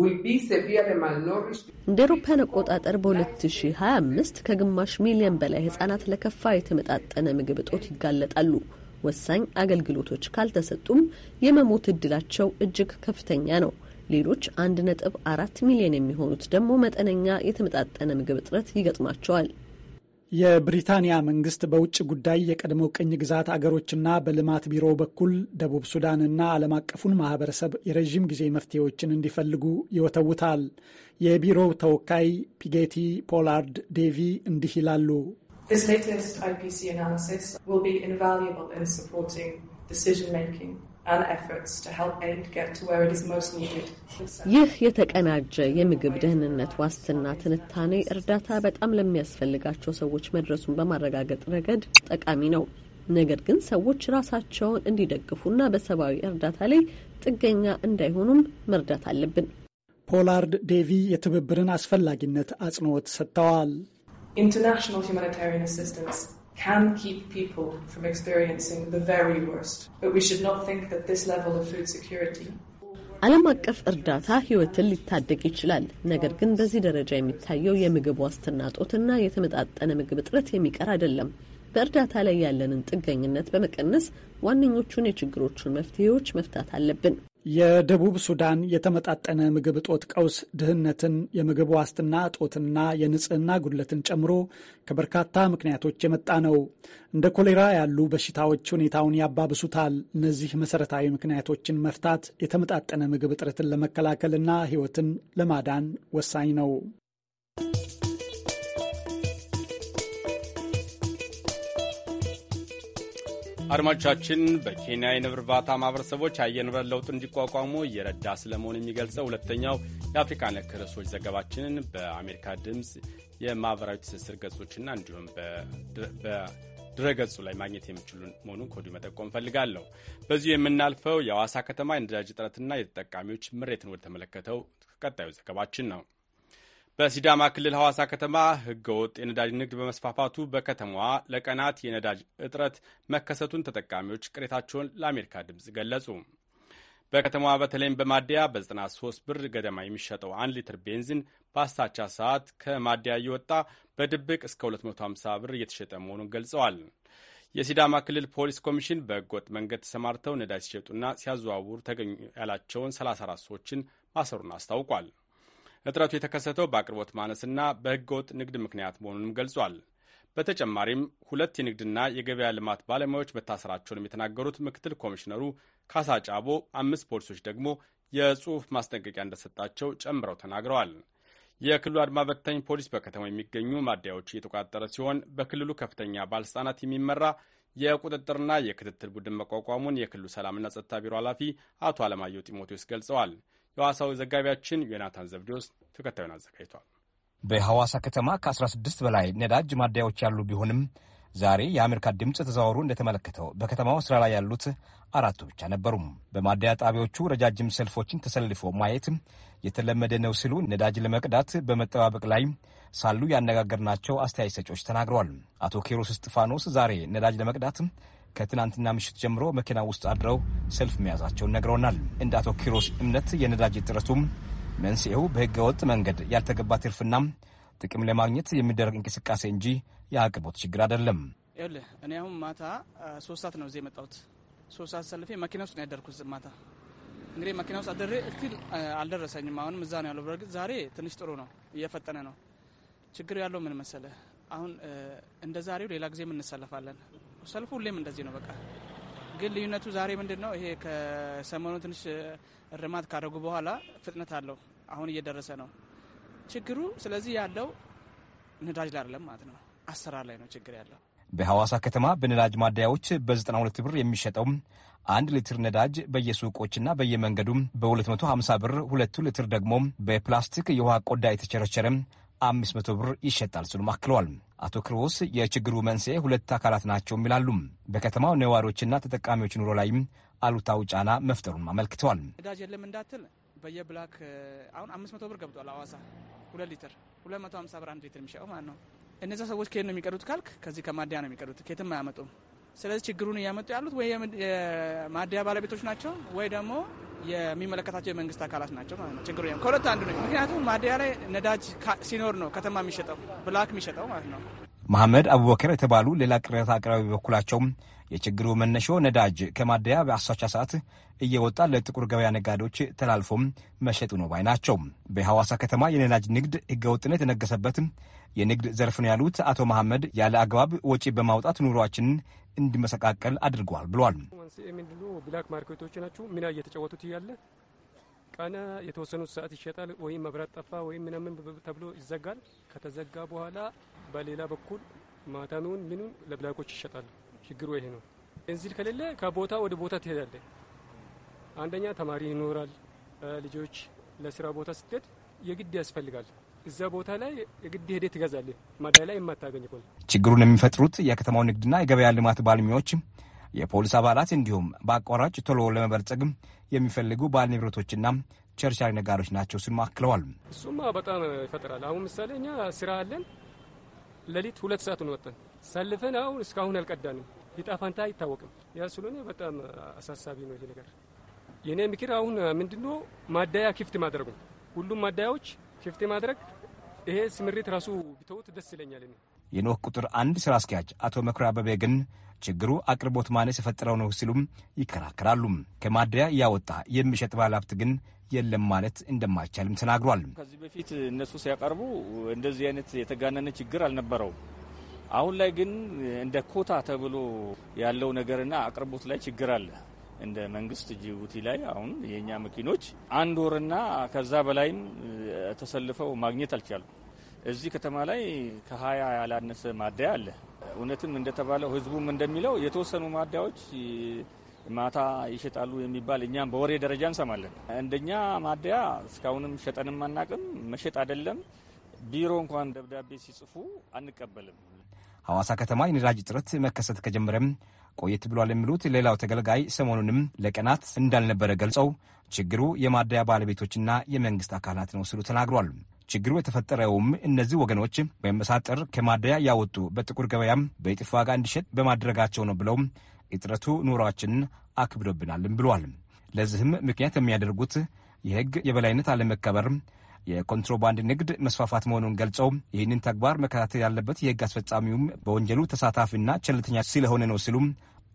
እንደ አውሮፓውያን አቆጣጠር በ2025 ከግማሽ ሚሊዮን በላይ ህጻናት ለከፋ የተመጣጠነ ምግብ እጦት ይጋለጣሉ። ወሳኝ አገልግሎቶች ካልተሰጡም የመሞት እድላቸው እጅግ ከፍተኛ ነው። ሌሎች አንድ ነጥብ አራት ሚሊዮን የሚሆኑት ደግሞ መጠነኛ የተመጣጠነ ምግብ እጥረት ይገጥማቸዋል። የብሪታንያ መንግስት በውጭ ጉዳይ የቀድሞ ቅኝ ግዛት አገሮችና በልማት ቢሮ በኩል ደቡብ ሱዳንና ዓለም አቀፉን ማህበረሰብ የረዥም ጊዜ መፍትሄዎችን እንዲፈልጉ ይወተውታል። የቢሮው ተወካይ ፒጌቲ ፖላርድ ዴቪ እንዲህ ይላሉ። This latest IPC analysis will be invaluable in supporting decision making ይህ የተቀናጀ የምግብ ደህንነት ዋስትና ትንታኔ እርዳታ በጣም ለሚያስፈልጋቸው ሰዎች መድረሱን በማረጋገጥ ረገድ ጠቃሚ ነው። ነገር ግን ሰዎች ራሳቸውን እንዲደግፉና በሰብአዊ እርዳታ ላይ ጥገኛ እንዳይሆኑም መርዳት አለብን። ፖላርድ ዴቪ የትብብርን አስፈላጊነት አጽንኦት ሰጥተዋል። ኢንተርናሽናል ሁማኒታሪያን አሲስታንስ can keep people from experiencing the very worst. But we should not think that this level of food security ዓለም አቀፍ እርዳታ ህይወትን ሊታደግ ይችላል። ነገር ግን በዚህ ደረጃ የሚታየው የምግብ ዋስትና ጦትና የተመጣጠነ ምግብ እጥረት የሚቀር አይደለም። በእርዳታ ላይ ያለንን ጥገኝነት በመቀነስ ዋነኞቹን የችግሮቹን መፍትሄዎች መፍታት አለብን። የደቡብ ሱዳን የተመጣጠነ ምግብ እጦት ቀውስ ድህነትን፣ የምግብ ዋስትና እጦትና የንጽህና ጉድለትን ጨምሮ ከበርካታ ምክንያቶች የመጣ ነው። እንደ ኮሌራ ያሉ በሽታዎች ሁኔታውን ያባብሱታል። እነዚህ መሰረታዊ ምክንያቶችን መፍታት የተመጣጠነ ምግብ እጥረትን ለመከላከልና ሕይወትን ለማዳን ወሳኝ ነው። አድማጮቻችን በኬንያ የንብ እርባታ ማህበረሰቦች የአየር ንብረት ለውጥ እንዲቋቋሙ እየረዳ ስለመሆኑ የሚገልጸው ሁለተኛው የአፍሪካ ነክ ርዕሶች ዘገባችንን በአሜሪካ ድምፅ የማህበራዊ ትስስር ገጾችና እንዲሁም በድረገጹ ላይ ማግኘት የሚችሉ መሆኑን ከወዲሁ መጠቆም እፈልጋለሁ። በዚሁ የምናልፈው የአዋሳ ከተማ የነዳጅ እጥረትና የተጠቃሚዎች ምሬትን ወደ ተመለከተው ቀጣዩ ዘገባችን ነው። በሲዳማ ክልል ሐዋሳ ከተማ ህገወጥ የነዳጅ ንግድ በመስፋፋቱ በከተማዋ ለቀናት የነዳጅ እጥረት መከሰቱን ተጠቃሚዎች ቅሬታቸውን ለአሜሪካ ድምፅ ገለጹ። በከተማዋ በተለይም በማደያ በ93 ብር ገደማ የሚሸጠው አንድ ሊትር ቤንዚን በአስታቻ ሰዓት ከማደያ እየወጣ በድብቅ እስከ 250 ብር እየተሸጠ መሆኑን ገልጸዋል። የሲዳማ ክልል ፖሊስ ኮሚሽን በህገወጥ መንገድ ተሰማርተው ነዳጅ ሲሸጡና ሲያዘዋውሩ ተገኙ ያላቸውን 34 ሰዎችን ማሰሩን አስታውቋል። እጥረቱ የተከሰተው በአቅርቦት ማነስና በሕገወጥ ንግድ ምክንያት መሆኑንም ገልጿል። በተጨማሪም ሁለት የንግድና የገበያ ልማት ባለሙያዎች መታሰራቸውንም የተናገሩት ምክትል ኮሚሽነሩ ካሳ ጫቦ አምስት ፖሊሶች ደግሞ የጽሑፍ ማስጠንቀቂያ እንደሰጣቸው ጨምረው ተናግረዋል። የክልሉ አድማ በታኝ ፖሊስ በከተማው የሚገኙ ማደያዎች እየተቆጣጠረ ሲሆን በክልሉ ከፍተኛ ባለስልጣናት የሚመራ የቁጥጥርና የክትትል ቡድን መቋቋሙን የክልሉ ሰላምና ጸጥታ ቢሮ ኃላፊ አቶ አለማየሁ ጢሞቴዎስ ገልጸዋል። የሐዋሳው ዘጋቢያችን ዮናታን ዘብዴዎስ ተከታዩን አዘጋጅቷል። በሐዋሳ ከተማ ከ16 በላይ ነዳጅ ማደያዎች ያሉ ቢሆንም ዛሬ የአሜሪካ ድምፅ ተዘዋውሮ እንደተመለከተው በከተማው ስራ ላይ ያሉት አራቱ ብቻ ነበሩም። በማደያ ጣቢያዎቹ ረጃጅም ሰልፎችን ተሰልፎ ማየት የተለመደ ነው ሲሉ ነዳጅ ለመቅዳት በመጠባበቅ ላይ ሳሉ ያነጋገርናቸው አስተያየት ሰጪዎች ተናግረዋል። አቶ ኪሮስ እስጢፋኖስ ዛሬ ነዳጅ ለመቅዳት ከትናንትና ምሽት ጀምሮ መኪና ውስጥ አድረው ሰልፍ መያዛቸውን ነግረውናል። እንደ አቶ ኪሮስ እምነት የነዳጅ እጥረቱም መንስኤው በህገወጥ መንገድ ያልተገባ ትርፍና ጥቅም ለማግኘት የሚደረግ እንቅስቃሴ እንጂ የአቅርቦት ችግር አይደለም። ይኸውልህ እኔ አሁን ማታ ሶስት ሰዓት ነው እዚህ የመጣሁት። ሶስት ሰዓት ሰልፌ መኪና ውስጥ ነው ያደርኩት። ማታ እንግዲህ መኪና ውስጥ አደሬ እስቲል አልደረሰኝም። አሁንም እዛ ነው ያለው። በርግጥ ዛሬ ትንሽ ጥሩ ነው፣ እየፈጠነ ነው። ችግር ያለው ምን መሰለህ፣ አሁን እንደ ዛሬው ሌላ ጊዜ እንሰለፋለን። ሰልፉ ሁሌም እንደዚህ ነው። በቃ ግን ልዩነቱ ዛሬ ምንድን ነው? ይሄ ከሰሞኑ ትንሽ እርማት ካደረጉ በኋላ ፍጥነት አለው። አሁን እየደረሰ ነው ችግሩ። ስለዚህ ያለው ነዳጅ ላይ አይደለም ማለት ነው፣ አሰራር ላይ ነው ችግር ያለው። በሐዋሳ ከተማ በነዳጅ ማደያዎች በ92 ብር የሚሸጠው አንድ ሊትር ነዳጅ በየሱቆችና በየመንገዱ በ250 ብር፣ ሁለቱ ሊትር ደግሞ በፕላስቲክ የውሃ ቆዳ የተቸረቸረ 500 ብር ይሸጣል ሲሉም አክለዋል። አቶ ክሮስ የችግሩ መንስኤ ሁለት አካላት ናቸውም ይላሉ። በከተማው ነዋሪዎችና ተጠቃሚዎች ኑሮ ላይም አሉታዊ ጫና መፍጠሩን አመልክተዋል። ነዳጅ የለም እንዳትል በየብላክ አሁን አምስት መቶ ብር ገብቷል። አዋሳ ሁለት ሊትር ሁለት መቶ ሀምሳ ብር አንድ ሊትር የሚሸጠው ማለት ነው። እነዚ ሰዎች ከየት ነው የሚቀዱት ካልክ ከዚህ ከማደያ ነው የሚቀዱት፣ ከየትም አያመጡም። ስለዚህ ችግሩን እያመጡ ያሉት ወይ የማደያ ባለቤቶች ናቸው ወይ ደግሞ የሚመለከታቸው የመንግስት አካላት ናቸው ማለት ነው። ችግሩ ከሁለት አንዱ ነው። ምክንያቱም ማደያ ላይ ነዳጅ ሲኖር ነው ከተማ የሚሸጠው ብላክ የሚሸጠው ማለት ነው። መሐመድ አቡበከር የተባሉ ሌላ ቅሬታ አቅራቢ በኩላቸው የችግሩ መነሾ ነዳጅ ከማደያ በአሳቻ ሰዓት እየወጣ ለጥቁር ገበያ ነጋዴዎች ተላልፎም መሸጡ ነው ባይ ናቸው። በሐዋሳ ከተማ የነዳጅ ንግድ ህገወጥነት የነገሰበት የንግድ ዘርፍ ነው ያሉት አቶ መሐመድ ያለ አግባብ ወጪ በማውጣት ኑሯችንን እንዲመሰቃቀል አድርጓል ብሏል። መንስኤ ምንድን ነው? ብላክ ማርኬቶች ናቸው። ሚና እየተጫወቱት እያለ ቀን የተወሰኑት ሰዓት ይሸጣል ወይም መብራት ጠፋ ወይም ምናምን ተብሎ ይዘጋል። ከተዘጋ በኋላ በሌላ በኩል ማታኑን ምኑን ለብላኮች ይሸጣል። ችግሩ ይሄ ነው። እንዚል ከሌለ ከቦታ ወደ ቦታ ትሄዳለ። አንደኛ ተማሪ ይኖራል። ልጆች ለስራ ቦታ ስትሄድ የግድ ያስፈልጋል። እዛ ቦታ ላይ የግድ ሄደ ትገዛለ ማዳይ ላይ የማታገኝ ከሆነ ችግሩን የሚፈጥሩት የከተማው ንግድና የገበያ ልማት ባልሚዎች፣ የፖሊስ አባላት እንዲሁም በአቋራጭ ቶሎ ለመበልጸግ የሚፈልጉ ባለ ንብረቶችና ቸርቻሪ ነጋዴዎች ናቸው ሲሉ አክለዋል። እሱማ በጣም ይፈጥራል። አሁን ምሳሌ እኛ ስራ አለን። ሌሊት ሁለት ሰዓት እንወጣን ሰልፈን አሁን እስካሁን አልቀዳንም። የጣፋንታ አይታወቅም። ያ ስለሆነ በጣም አሳሳቢ ነው ይሄ ነገር። የእኔ ምክር አሁን ምንድነው ማደያ ክፍት ማድረጉ ሁሉም ማደያዎች ሽፍት ማድረግ ይሄ ስምሪት ራሱ ቢተውት ደስ ይለኛል። የኖህ ቁጥር አንድ ስራ አስኪያጅ አቶ መኩሪያ አበቤ ግን ችግሩ አቅርቦት ማነስ የፈጠረው ነው ሲሉም ይከራከራሉ። ከማደያ እያወጣ የሚሸጥ ባለሀብት ግን የለም ማለት እንደማይቻልም ተናግሯል። ከዚህ በፊት እነሱ ሲያቀርቡ እንደዚህ አይነት የተጋነነ ችግር አልነበረው አሁን ላይ ግን እንደ ኮታ ተብሎ ያለው ነገርና አቅርቦት ላይ ችግር አለ። እንደ መንግስት ጅቡቲ ላይ አሁን የእኛ መኪኖች አንድ ወርና ከዛ በላይም ተሰልፈው ማግኘት አልቻሉ። እዚህ ከተማ ላይ ከሀያ ያላነሰ ማደያ አለ። እውነትም እንደተባለው ህዝቡም እንደሚለው የተወሰኑ ማደያዎች ማታ ይሸጣሉ የሚባል እኛም በወሬ ደረጃ እንሰማለን። እንደኛ ማደያ እስካሁንም ሸጠንም አናቅም። መሸጥ አይደለም ቢሮ እንኳን ደብዳቤ ሲጽፉ አንቀበልም። ሐዋሳ ከተማ የነዳጅ እጥረት መከሰት ከጀመረም ቆየት ብሏል የሚሉት ሌላው ተገልጋይ ሰሞኑንም ለቀናት እንዳልነበረ ገልጸው ችግሩ የማደያ ባለቤቶችና የመንግስት አካላት ነው ሲሉ ተናግሯል። ችግሩ የተፈጠረውም እነዚህ ወገኖች በመሳጠር ከማደያ ያወጡ በጥቁር ገበያም በእጥፍ ዋጋ እንዲሸጥ በማድረጋቸው ነው ብለው እጥረቱ ኑሯችንን አክብዶብናልም ብሏል። ለዚህም ምክንያት የሚያደርጉት የህግ የበላይነት አለመከበር የኮንትሮባንድ ንግድ መስፋፋት መሆኑን ገልጸው ይህንን ተግባር መከታተል ያለበት የህግ አስፈጻሚውም በወንጀሉ ተሳታፊና ቸልተኛ ስለሆነ ነው ሲሉም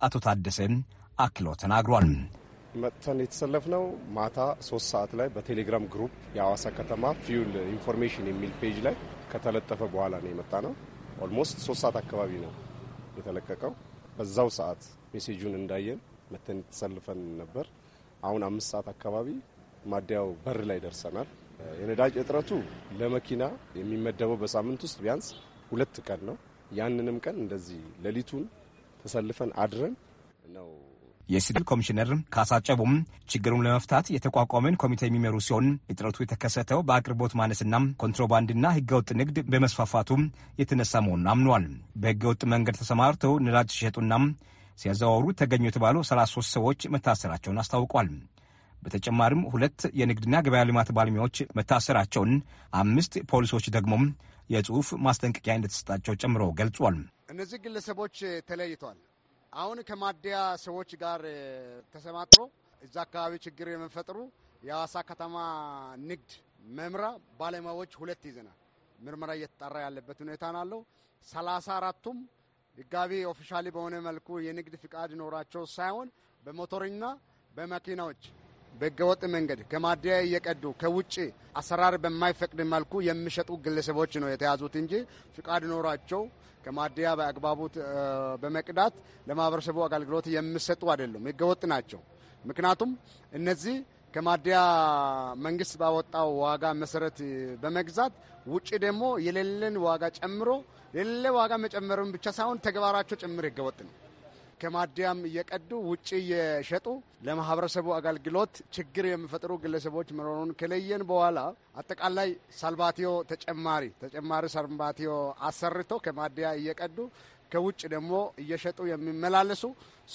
አቶ ታደሰ አክሎ ተናግሯል። መጥተን የተሰለፍነው ማታ ሶስት ሰዓት ላይ በቴሌግራም ግሩፕ የአዋሳ ከተማ ፊውል ኢንፎርሜሽን የሚል ፔጅ ላይ ከተለጠፈ በኋላ ነው የመጣ ነው። ኦልሞስት ሶስት ሰዓት አካባቢ ነው የተለቀቀው። በዛው ሰዓት ሜሴጁን እንዳየን መተን የተሰልፈን ነበር። አሁን አምስት ሰዓት አካባቢ ማደያው በር ላይ ደርሰናል። የነዳጅ እጥረቱ ለመኪና የሚመደበው በሳምንት ውስጥ ቢያንስ ሁለት ቀን ነው። ያንንም ቀን እንደዚህ ሌሊቱን ተሰልፈን አድረን ነው። የሲቪል ኮሚሽነር ካሳጨቡም ችግሩን ለመፍታት የተቋቋመን ኮሚቴ የሚመሩ ሲሆን እጥረቱ የተከሰተው በአቅርቦት ማነስና ኮንትሮባንድና ህገወጥ ንግድ በመስፋፋቱ የተነሳ መሆኑን አምኗል። በህገወጥ መንገድ ተሰማርተው ነዳጅ ሲሸጡና ሲያዘዋውሩ ተገኙ የተባሉ 33 ሰዎች መታሰራቸውን አስታውቋል። በተጨማሪም ሁለት የንግድና ገበያ ልማት ባለሙያዎች መታሰራቸውን፣ አምስት ፖሊሶች ደግሞም የጽሁፍ ማስጠንቀቂያ እንደተሰጣቸው ጨምሮ ገልጿል። እነዚህ ግለሰቦች ተለይቷል። አሁን ከማደያ ሰዎች ጋር ተሰማጥሮ እዛ አካባቢ ችግር የመፈጠሩ የሐዋሳ ከተማ ንግድ መምራ ባለሙያዎች ሁለት ይዘናል። ምርመራ እየተጣራ ያለበት ሁኔታ ናለው። ሰላሳ አራቱም ድጋቢ ኦፊሻሊ በሆነ መልኩ የንግድ ፍቃድ ኖራቸው ሳይሆን በሞቶርና በመኪናዎች በህገወጥ መንገድ ከማደያ እየቀዱ ከውጭ አሰራር በማይፈቅድ መልኩ የሚሸጡ ግለሰቦች ነው የተያዙት እንጂ ፍቃድ ኖሯቸው ከማደያ በአግባቡ በመቅዳት ለማህበረሰቡ አገልግሎት የሚሰጡ አይደሉም፣ ህገወጥ ናቸው። ምክንያቱም እነዚህ ከማደያ መንግስት ባወጣው ዋጋ መሰረት በመግዛት ውጭ ደግሞ የሌለን ዋጋ ጨምሮ የሌለ ዋጋ መጨመሩን ብቻ ሳይሆን ተግባራቸው ጭምር ህገወጥ ነው። ከማዲያም እየቀዱ ውጭ እየሸጡ ለማህበረሰቡ አገልግሎት ችግር የሚፈጥሩ ግለሰቦች መሆኑን ከለየን በኋላ አጠቃላይ ሳልባቲዮ ተጨማሪ ተጨማሪ ሳልባቲዮ አሰርቶ ከማደያ እየቀዱ ከውጭ ደግሞ እየሸጡ የሚመላለሱ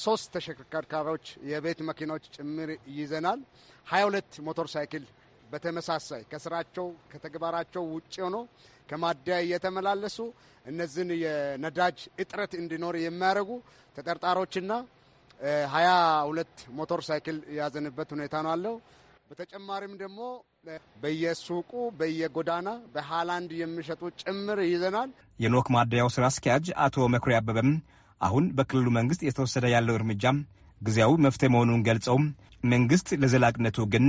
ሶስት ተሽከርካሪዎች የቤት መኪኖች ጭምር ይዘናል። ሀያ ሁለት ሞተር ሳይክል በተመሳሳይ ከስራቸው ከተግባራቸው ውጭ ሆኖ ከማደያ እየተመላለሱ እነዚህን የነዳጅ እጥረት እንዲኖር የሚያደርጉ ተጠርጣሮችና ሀያ ሁለት ሞተር ሳይክል የያዘንበት ሁኔታ ነው አለው። በተጨማሪም ደግሞ በየሱቁ በየጎዳና በሃላንድ የሚሸጡ ጭምር ይዘናል። የኖክ ማደያው ስራ አስኪያጅ አቶ መኩሪያ አበበም አሁን በክልሉ መንግስት የተወሰደ ያለው እርምጃ ጊዜያዊ መፍትሄ መሆኑን ገልጸው መንግስት ለዘላቅነቱ ግን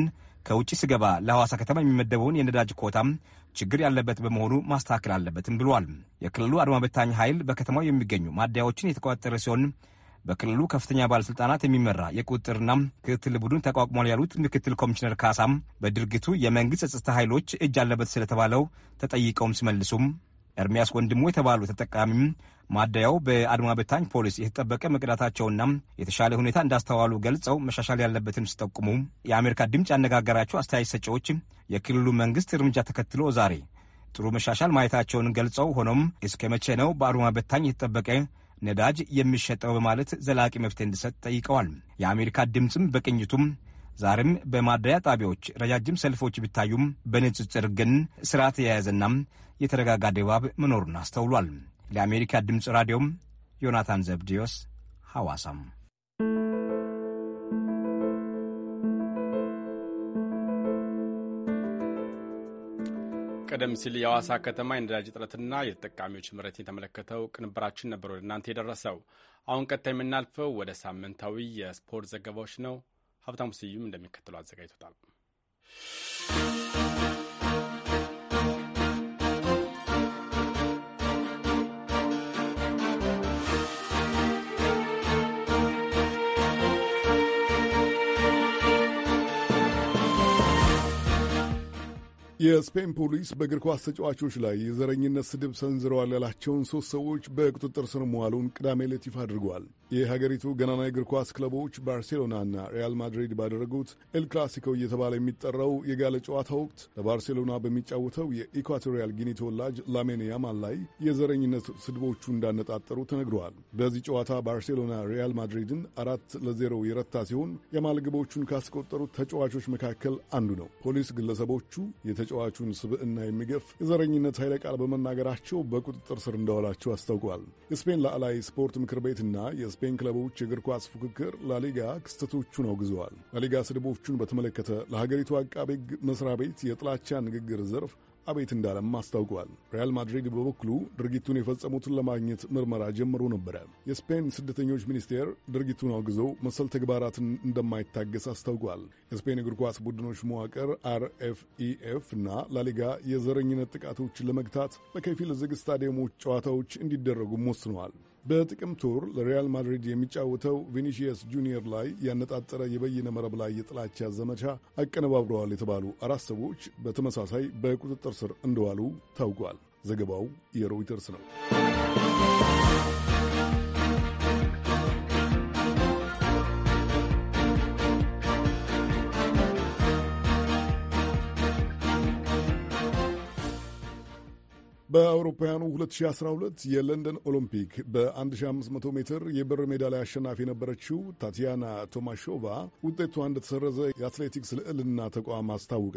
ከውጭ ስገባ ለሐዋሳ ከተማ የሚመደበውን የነዳጅ ኮታም ችግር ያለበት በመሆኑ ማስተካከል አለበትም ብሏል። የክልሉ አድማ በታኝ ኃይል በከተማው የሚገኙ ማደያዎችን የተቆጣጠረ ሲሆን በክልሉ ከፍተኛ ባለስልጣናት የሚመራ የቁጥጥርና ክትትል ቡድን ተቋቁሟል ያሉት ምክትል ኮሚሽነር ካሳም በድርጊቱ የመንግስት ጸጥታ ኃይሎች እጅ አለበት ስለተባለው ተጠይቀውም ሲመልሱም ኤርሚያስ ወንድሙ የተባሉ ተጠቃሚም ማደያው በአድማ በታኝ ፖሊስ የተጠበቀ መቅዳታቸውና የተሻለ ሁኔታ እንዳስተዋሉ ገልጸው መሻሻል ያለበትን ሲጠቁሙ የአሜሪካ ድምፅ ያነጋገራቸው አስተያየት ሰጪዎች የክልሉ መንግስት እርምጃ ተከትሎ ዛሬ ጥሩ መሻሻል ማየታቸውን ገልጸው ሆኖም እስከ መቼ ነው በአድማ በታኝ የተጠበቀ ነዳጅ የሚሸጠው በማለት ዘላቂ መፍትሄ እንዲሰጥ ጠይቀዋል። የአሜሪካ ድምፅም በቅኝቱም ዛሬም በማደያ ጣቢያዎች ረጃጅም ሰልፎች ቢታዩም በንጽጽር ግን ስርዓት የያዘና የተረጋጋ ድባብ መኖሩን አስተውሏል። ለአሜሪካ ድምፅ ራዲዮም ዮናታን ዘብዲዮስ ሐዋሳም ቀደም ሲል የሐዋሳ ከተማ የነዳጅ እጥረትና የተጠቃሚዎች ምረት የተመለከተው ቅንብራችን ነበር ወደ እናንተ የደረሰው። አሁን ቀጥታ የምናልፈው ወደ ሳምንታዊ የስፖርት ዘገባዎች ነው። ሀብታሙ ስዩም እንደሚከተለው አዘጋጅቶታል። የስፔን ፖሊስ በእግር ኳስ ተጫዋቾች ላይ የዘረኝነት ስድብ ሰንዝረዋል ያላቸውን ሶስት ሰዎች በቁጥጥር ስር መዋሉን ቅዳሜ ዕለት ይፋ አድርገዋል። የሀገሪቱ ገናና የእግር ኳስ ክለቦች ባርሴሎናና ሪያል ማድሪድ ባደረጉት ኤል ክላሲኮ እየተባለ የሚጠራው የጋለ ጨዋታ ወቅት ለባርሴሎና በሚጫወተው የኢኳቶሪያል ጊኒ ተወላጅ ላሜን ያማል ላይ የዘረኝነት ስድቦቹ እንዳነጣጠሩ ተነግረዋል። በዚህ ጨዋታ ባርሴሎና ሪያል ማድሪድን አራት ለዜሮ የረታ ሲሆን ያማል ግቦቹን ካስቆጠሩት ተጫዋቾች መካከል አንዱ ነው። ፖሊስ ግለሰቦቹ የተጫዋቹን ስብዕና የሚገፍ የዘረኝነት ኃይለ ቃል በመናገራቸው በቁጥጥር ስር እንደዋላቸው አስታውቋል። የስፔን ላዕላይ ስፖርት ምክር ቤትና የስፔን ክለቦች የእግር ኳስ ፉክክር ላሊጋ ክስተቶቹን አውግዘዋል። ላሊጋ ስድቦቹን በተመለከተ ለሀገሪቱ አቃቤ ሕግ መስሪያ ቤት የጥላቻ ንግግር ዘርፍ አቤት እንዳለም አስታውቋል። ሪያል ማድሪድ በበኩሉ ድርጊቱን የፈጸሙትን ለማግኘት ምርመራ ጀምሮ ነበረ። የስፔን ስደተኞች ሚኒስቴር ድርጊቱን አውግዞ መሰል ተግባራትን እንደማይታገስ አስታውቋል። የስፔን እግር ኳስ ቡድኖች መዋቅር አርኤፍኢኤፍ እና ላሊጋ የዘረኝነት ጥቃቶችን ለመግታት በከፊል ዝግ ስታዲየሞች ጨዋታዎች እንዲደረጉም ወስነዋል። በጥቅምት ወር ለሪያል ማድሪድ የሚጫወተው ቪኒሺየስ ጁኒየር ላይ ያነጣጠረ የበይነ መረብ ላይ የጥላቻ ዘመቻ አቀነባብረዋል የተባሉ አራት ሰዎች በተመሳሳይ በቁጥጥር ስር እንደዋሉ ታውቋል። ዘገባው የሮይተርስ ነው። በአውሮፓውያኑ 2012 የለንደን ኦሎምፒክ በ1500 ሜትር የብር ሜዳሊያ አሸናፊ የነበረችው ታቲያና ቶማሾቫ ውጤቷ እንደተሰረዘ የአትሌቲክስ ልዕልና ተቋም አስታውቀ።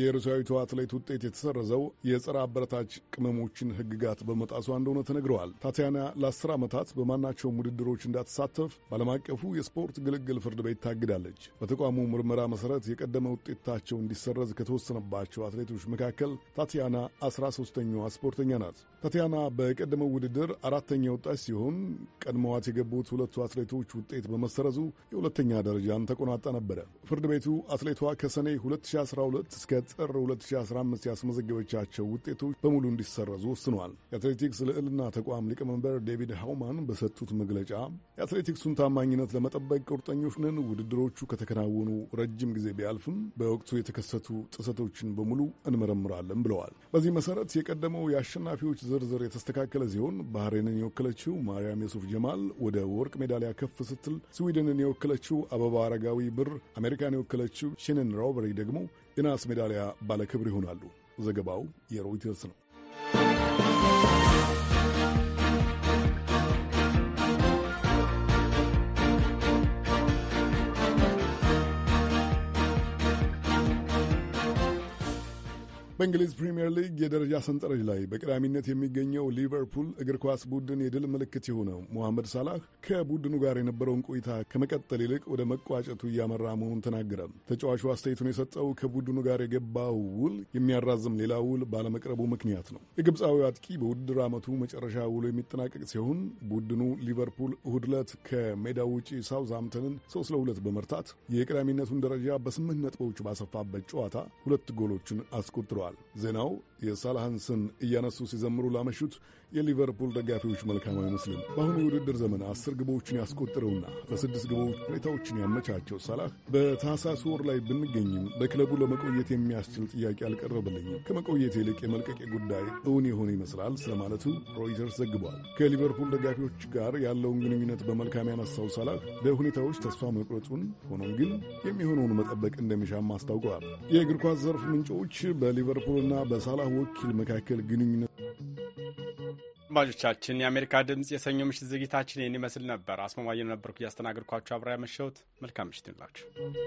የሩሲያዊቱ አትሌት ውጤት የተሰረዘው የጸረ አበረታች ቅመሞችን ሕግጋት በመጣሷ እንደሆነ ተነግረዋል። ታቲያና ለአስር ዓመታት በማናቸውም ውድድሮች እንዳትሳተፍ በዓለም አቀፉ የስፖርት ግልግል ፍርድ ቤት ታግዳለች። በተቋሙ ምርመራ መሠረት የቀደመ ውጤታቸው እንዲሰረዝ ከተወሰነባቸው አትሌቶች መካከል ታቲያና አስራ ሦስተኛዋ ስፖርተኛ ናት። ታቲያና በቀደመው ውድድር አራተኛ ወጣች ሲሆን ቀድመዋት የገቡት ሁለቱ አትሌቶች ውጤት በመሰረዙ የሁለተኛ ደረጃን ተቆናጣ ነበረ። ፍርድ ቤቱ አትሌቷ ከሰኔ 2012 እስከ ጥር 2015 ያስመዘገበቻቸው ውጤቶች በሙሉ እንዲሰረዙ ወስኗል። የአትሌቲክስ ልዕልና ተቋም ሊቀመንበር ዴቪድ ሃውማን በሰጡት መግለጫ የአትሌቲክሱን ታማኝነት ለመጠበቅ ቁርጠኞች ነን። ውድድሮቹ ከተከናወኑ ረጅም ጊዜ ቢያልፍም በወቅቱ የተከሰቱ ጥሰቶችን በሙሉ እንመረምራለን ብለዋል። በዚህ መሰረት የቀደመው የአሸናፊዎች ዝርዝር የተስተካከለ ሲሆን ባህሬንን የወከለችው ማርያም የሱፍ ጀማል ወደ ወርቅ ሜዳሊያ ከፍ ስትል፣ ስዊድንን የወከለችው አበባ አረጋዊ ብር፣ አሜሪካን የወከለችው ሽንን ሮቨሪ ደግሞ የናስ ሜዳሊያ ባለክብር ይሆናሉ። ዘገባው የሮይተርስ ነው። በእንግሊዝ ፕሪምየር ሊግ የደረጃ ሰንጠረዥ ላይ በቀዳሚነት የሚገኘው ሊቨርፑል እግር ኳስ ቡድን የድል ምልክት የሆነው ሞሐመድ ሳላህ ከቡድኑ ጋር የነበረውን ቆይታ ከመቀጠል ይልቅ ወደ መቋጨቱ እያመራ መሆኑን ተናገረ። ተጫዋቹ አስተያየቱን የሰጠው ከቡድኑ ጋር የገባው ውል የሚያራዝም ሌላ ውል ባለመቅረቡ ምክንያት ነው። የግብፃዊ አጥቂ በውድድር ዓመቱ መጨረሻ ውሎ የሚጠናቀቅ ሲሆን ቡድኑ ሊቨርፑል እሁድ ዕለት ከሜዳ ውጪ ሳውዝሃምተንን ሶስት ለሁለት በመርታት የቀዳሚነቱን ደረጃ በስምንት ነጥቦች ባሰፋበት ጨዋታ ሁለት ጎሎችን አስቆጥሯል። ተናግረዋል። ዜናው ስም እያነሱ ሲዘምሩ ላመሹት የሊቨርፑል ደጋፊዎች መልካም አይመስልም። በአሁኑ የውድድር ዘመን አስር ግቦችን ያስቆጠረውና ለስድስት ግቦች ሁኔታዎችን ያመቻቸው ሳላህ በታህሳስ ወር ላይ ብንገኝም በክለቡ ለመቆየት የሚያስችል ጥያቄ አልቀረበልኝም፣ ከመቆየት ይልቅ የመልቀቄ ጉዳይ እውን የሆነ ይመስላል ስለማለቱ ሮይተርስ ዘግቧል። ከሊቨርፑል ደጋፊዎች ጋር ያለውን ግንኙነት በመልካም ያነሳው ሳላህ በሁኔታዎች ተስፋ መቁረጡን፣ ሆኖም ግን የሚሆነውን መጠበቅ እንደሚሻም አስታውቀዋል። የእግር ኳስ ዘርፍ ምንጮች በሊቨርፑልና በሳላህ ወኪል መካከል ግንኙነት አድማጮቻችን የአሜሪካ ድምፅ የሰኞ ምሽት ዝግጅታችን ይህን ይመስል ነበር። አስማማየ ነበርኩ እያስተናገድኳችሁ አብራ ያመሸሁት። መልካም ምሽት ይሁንላችሁ።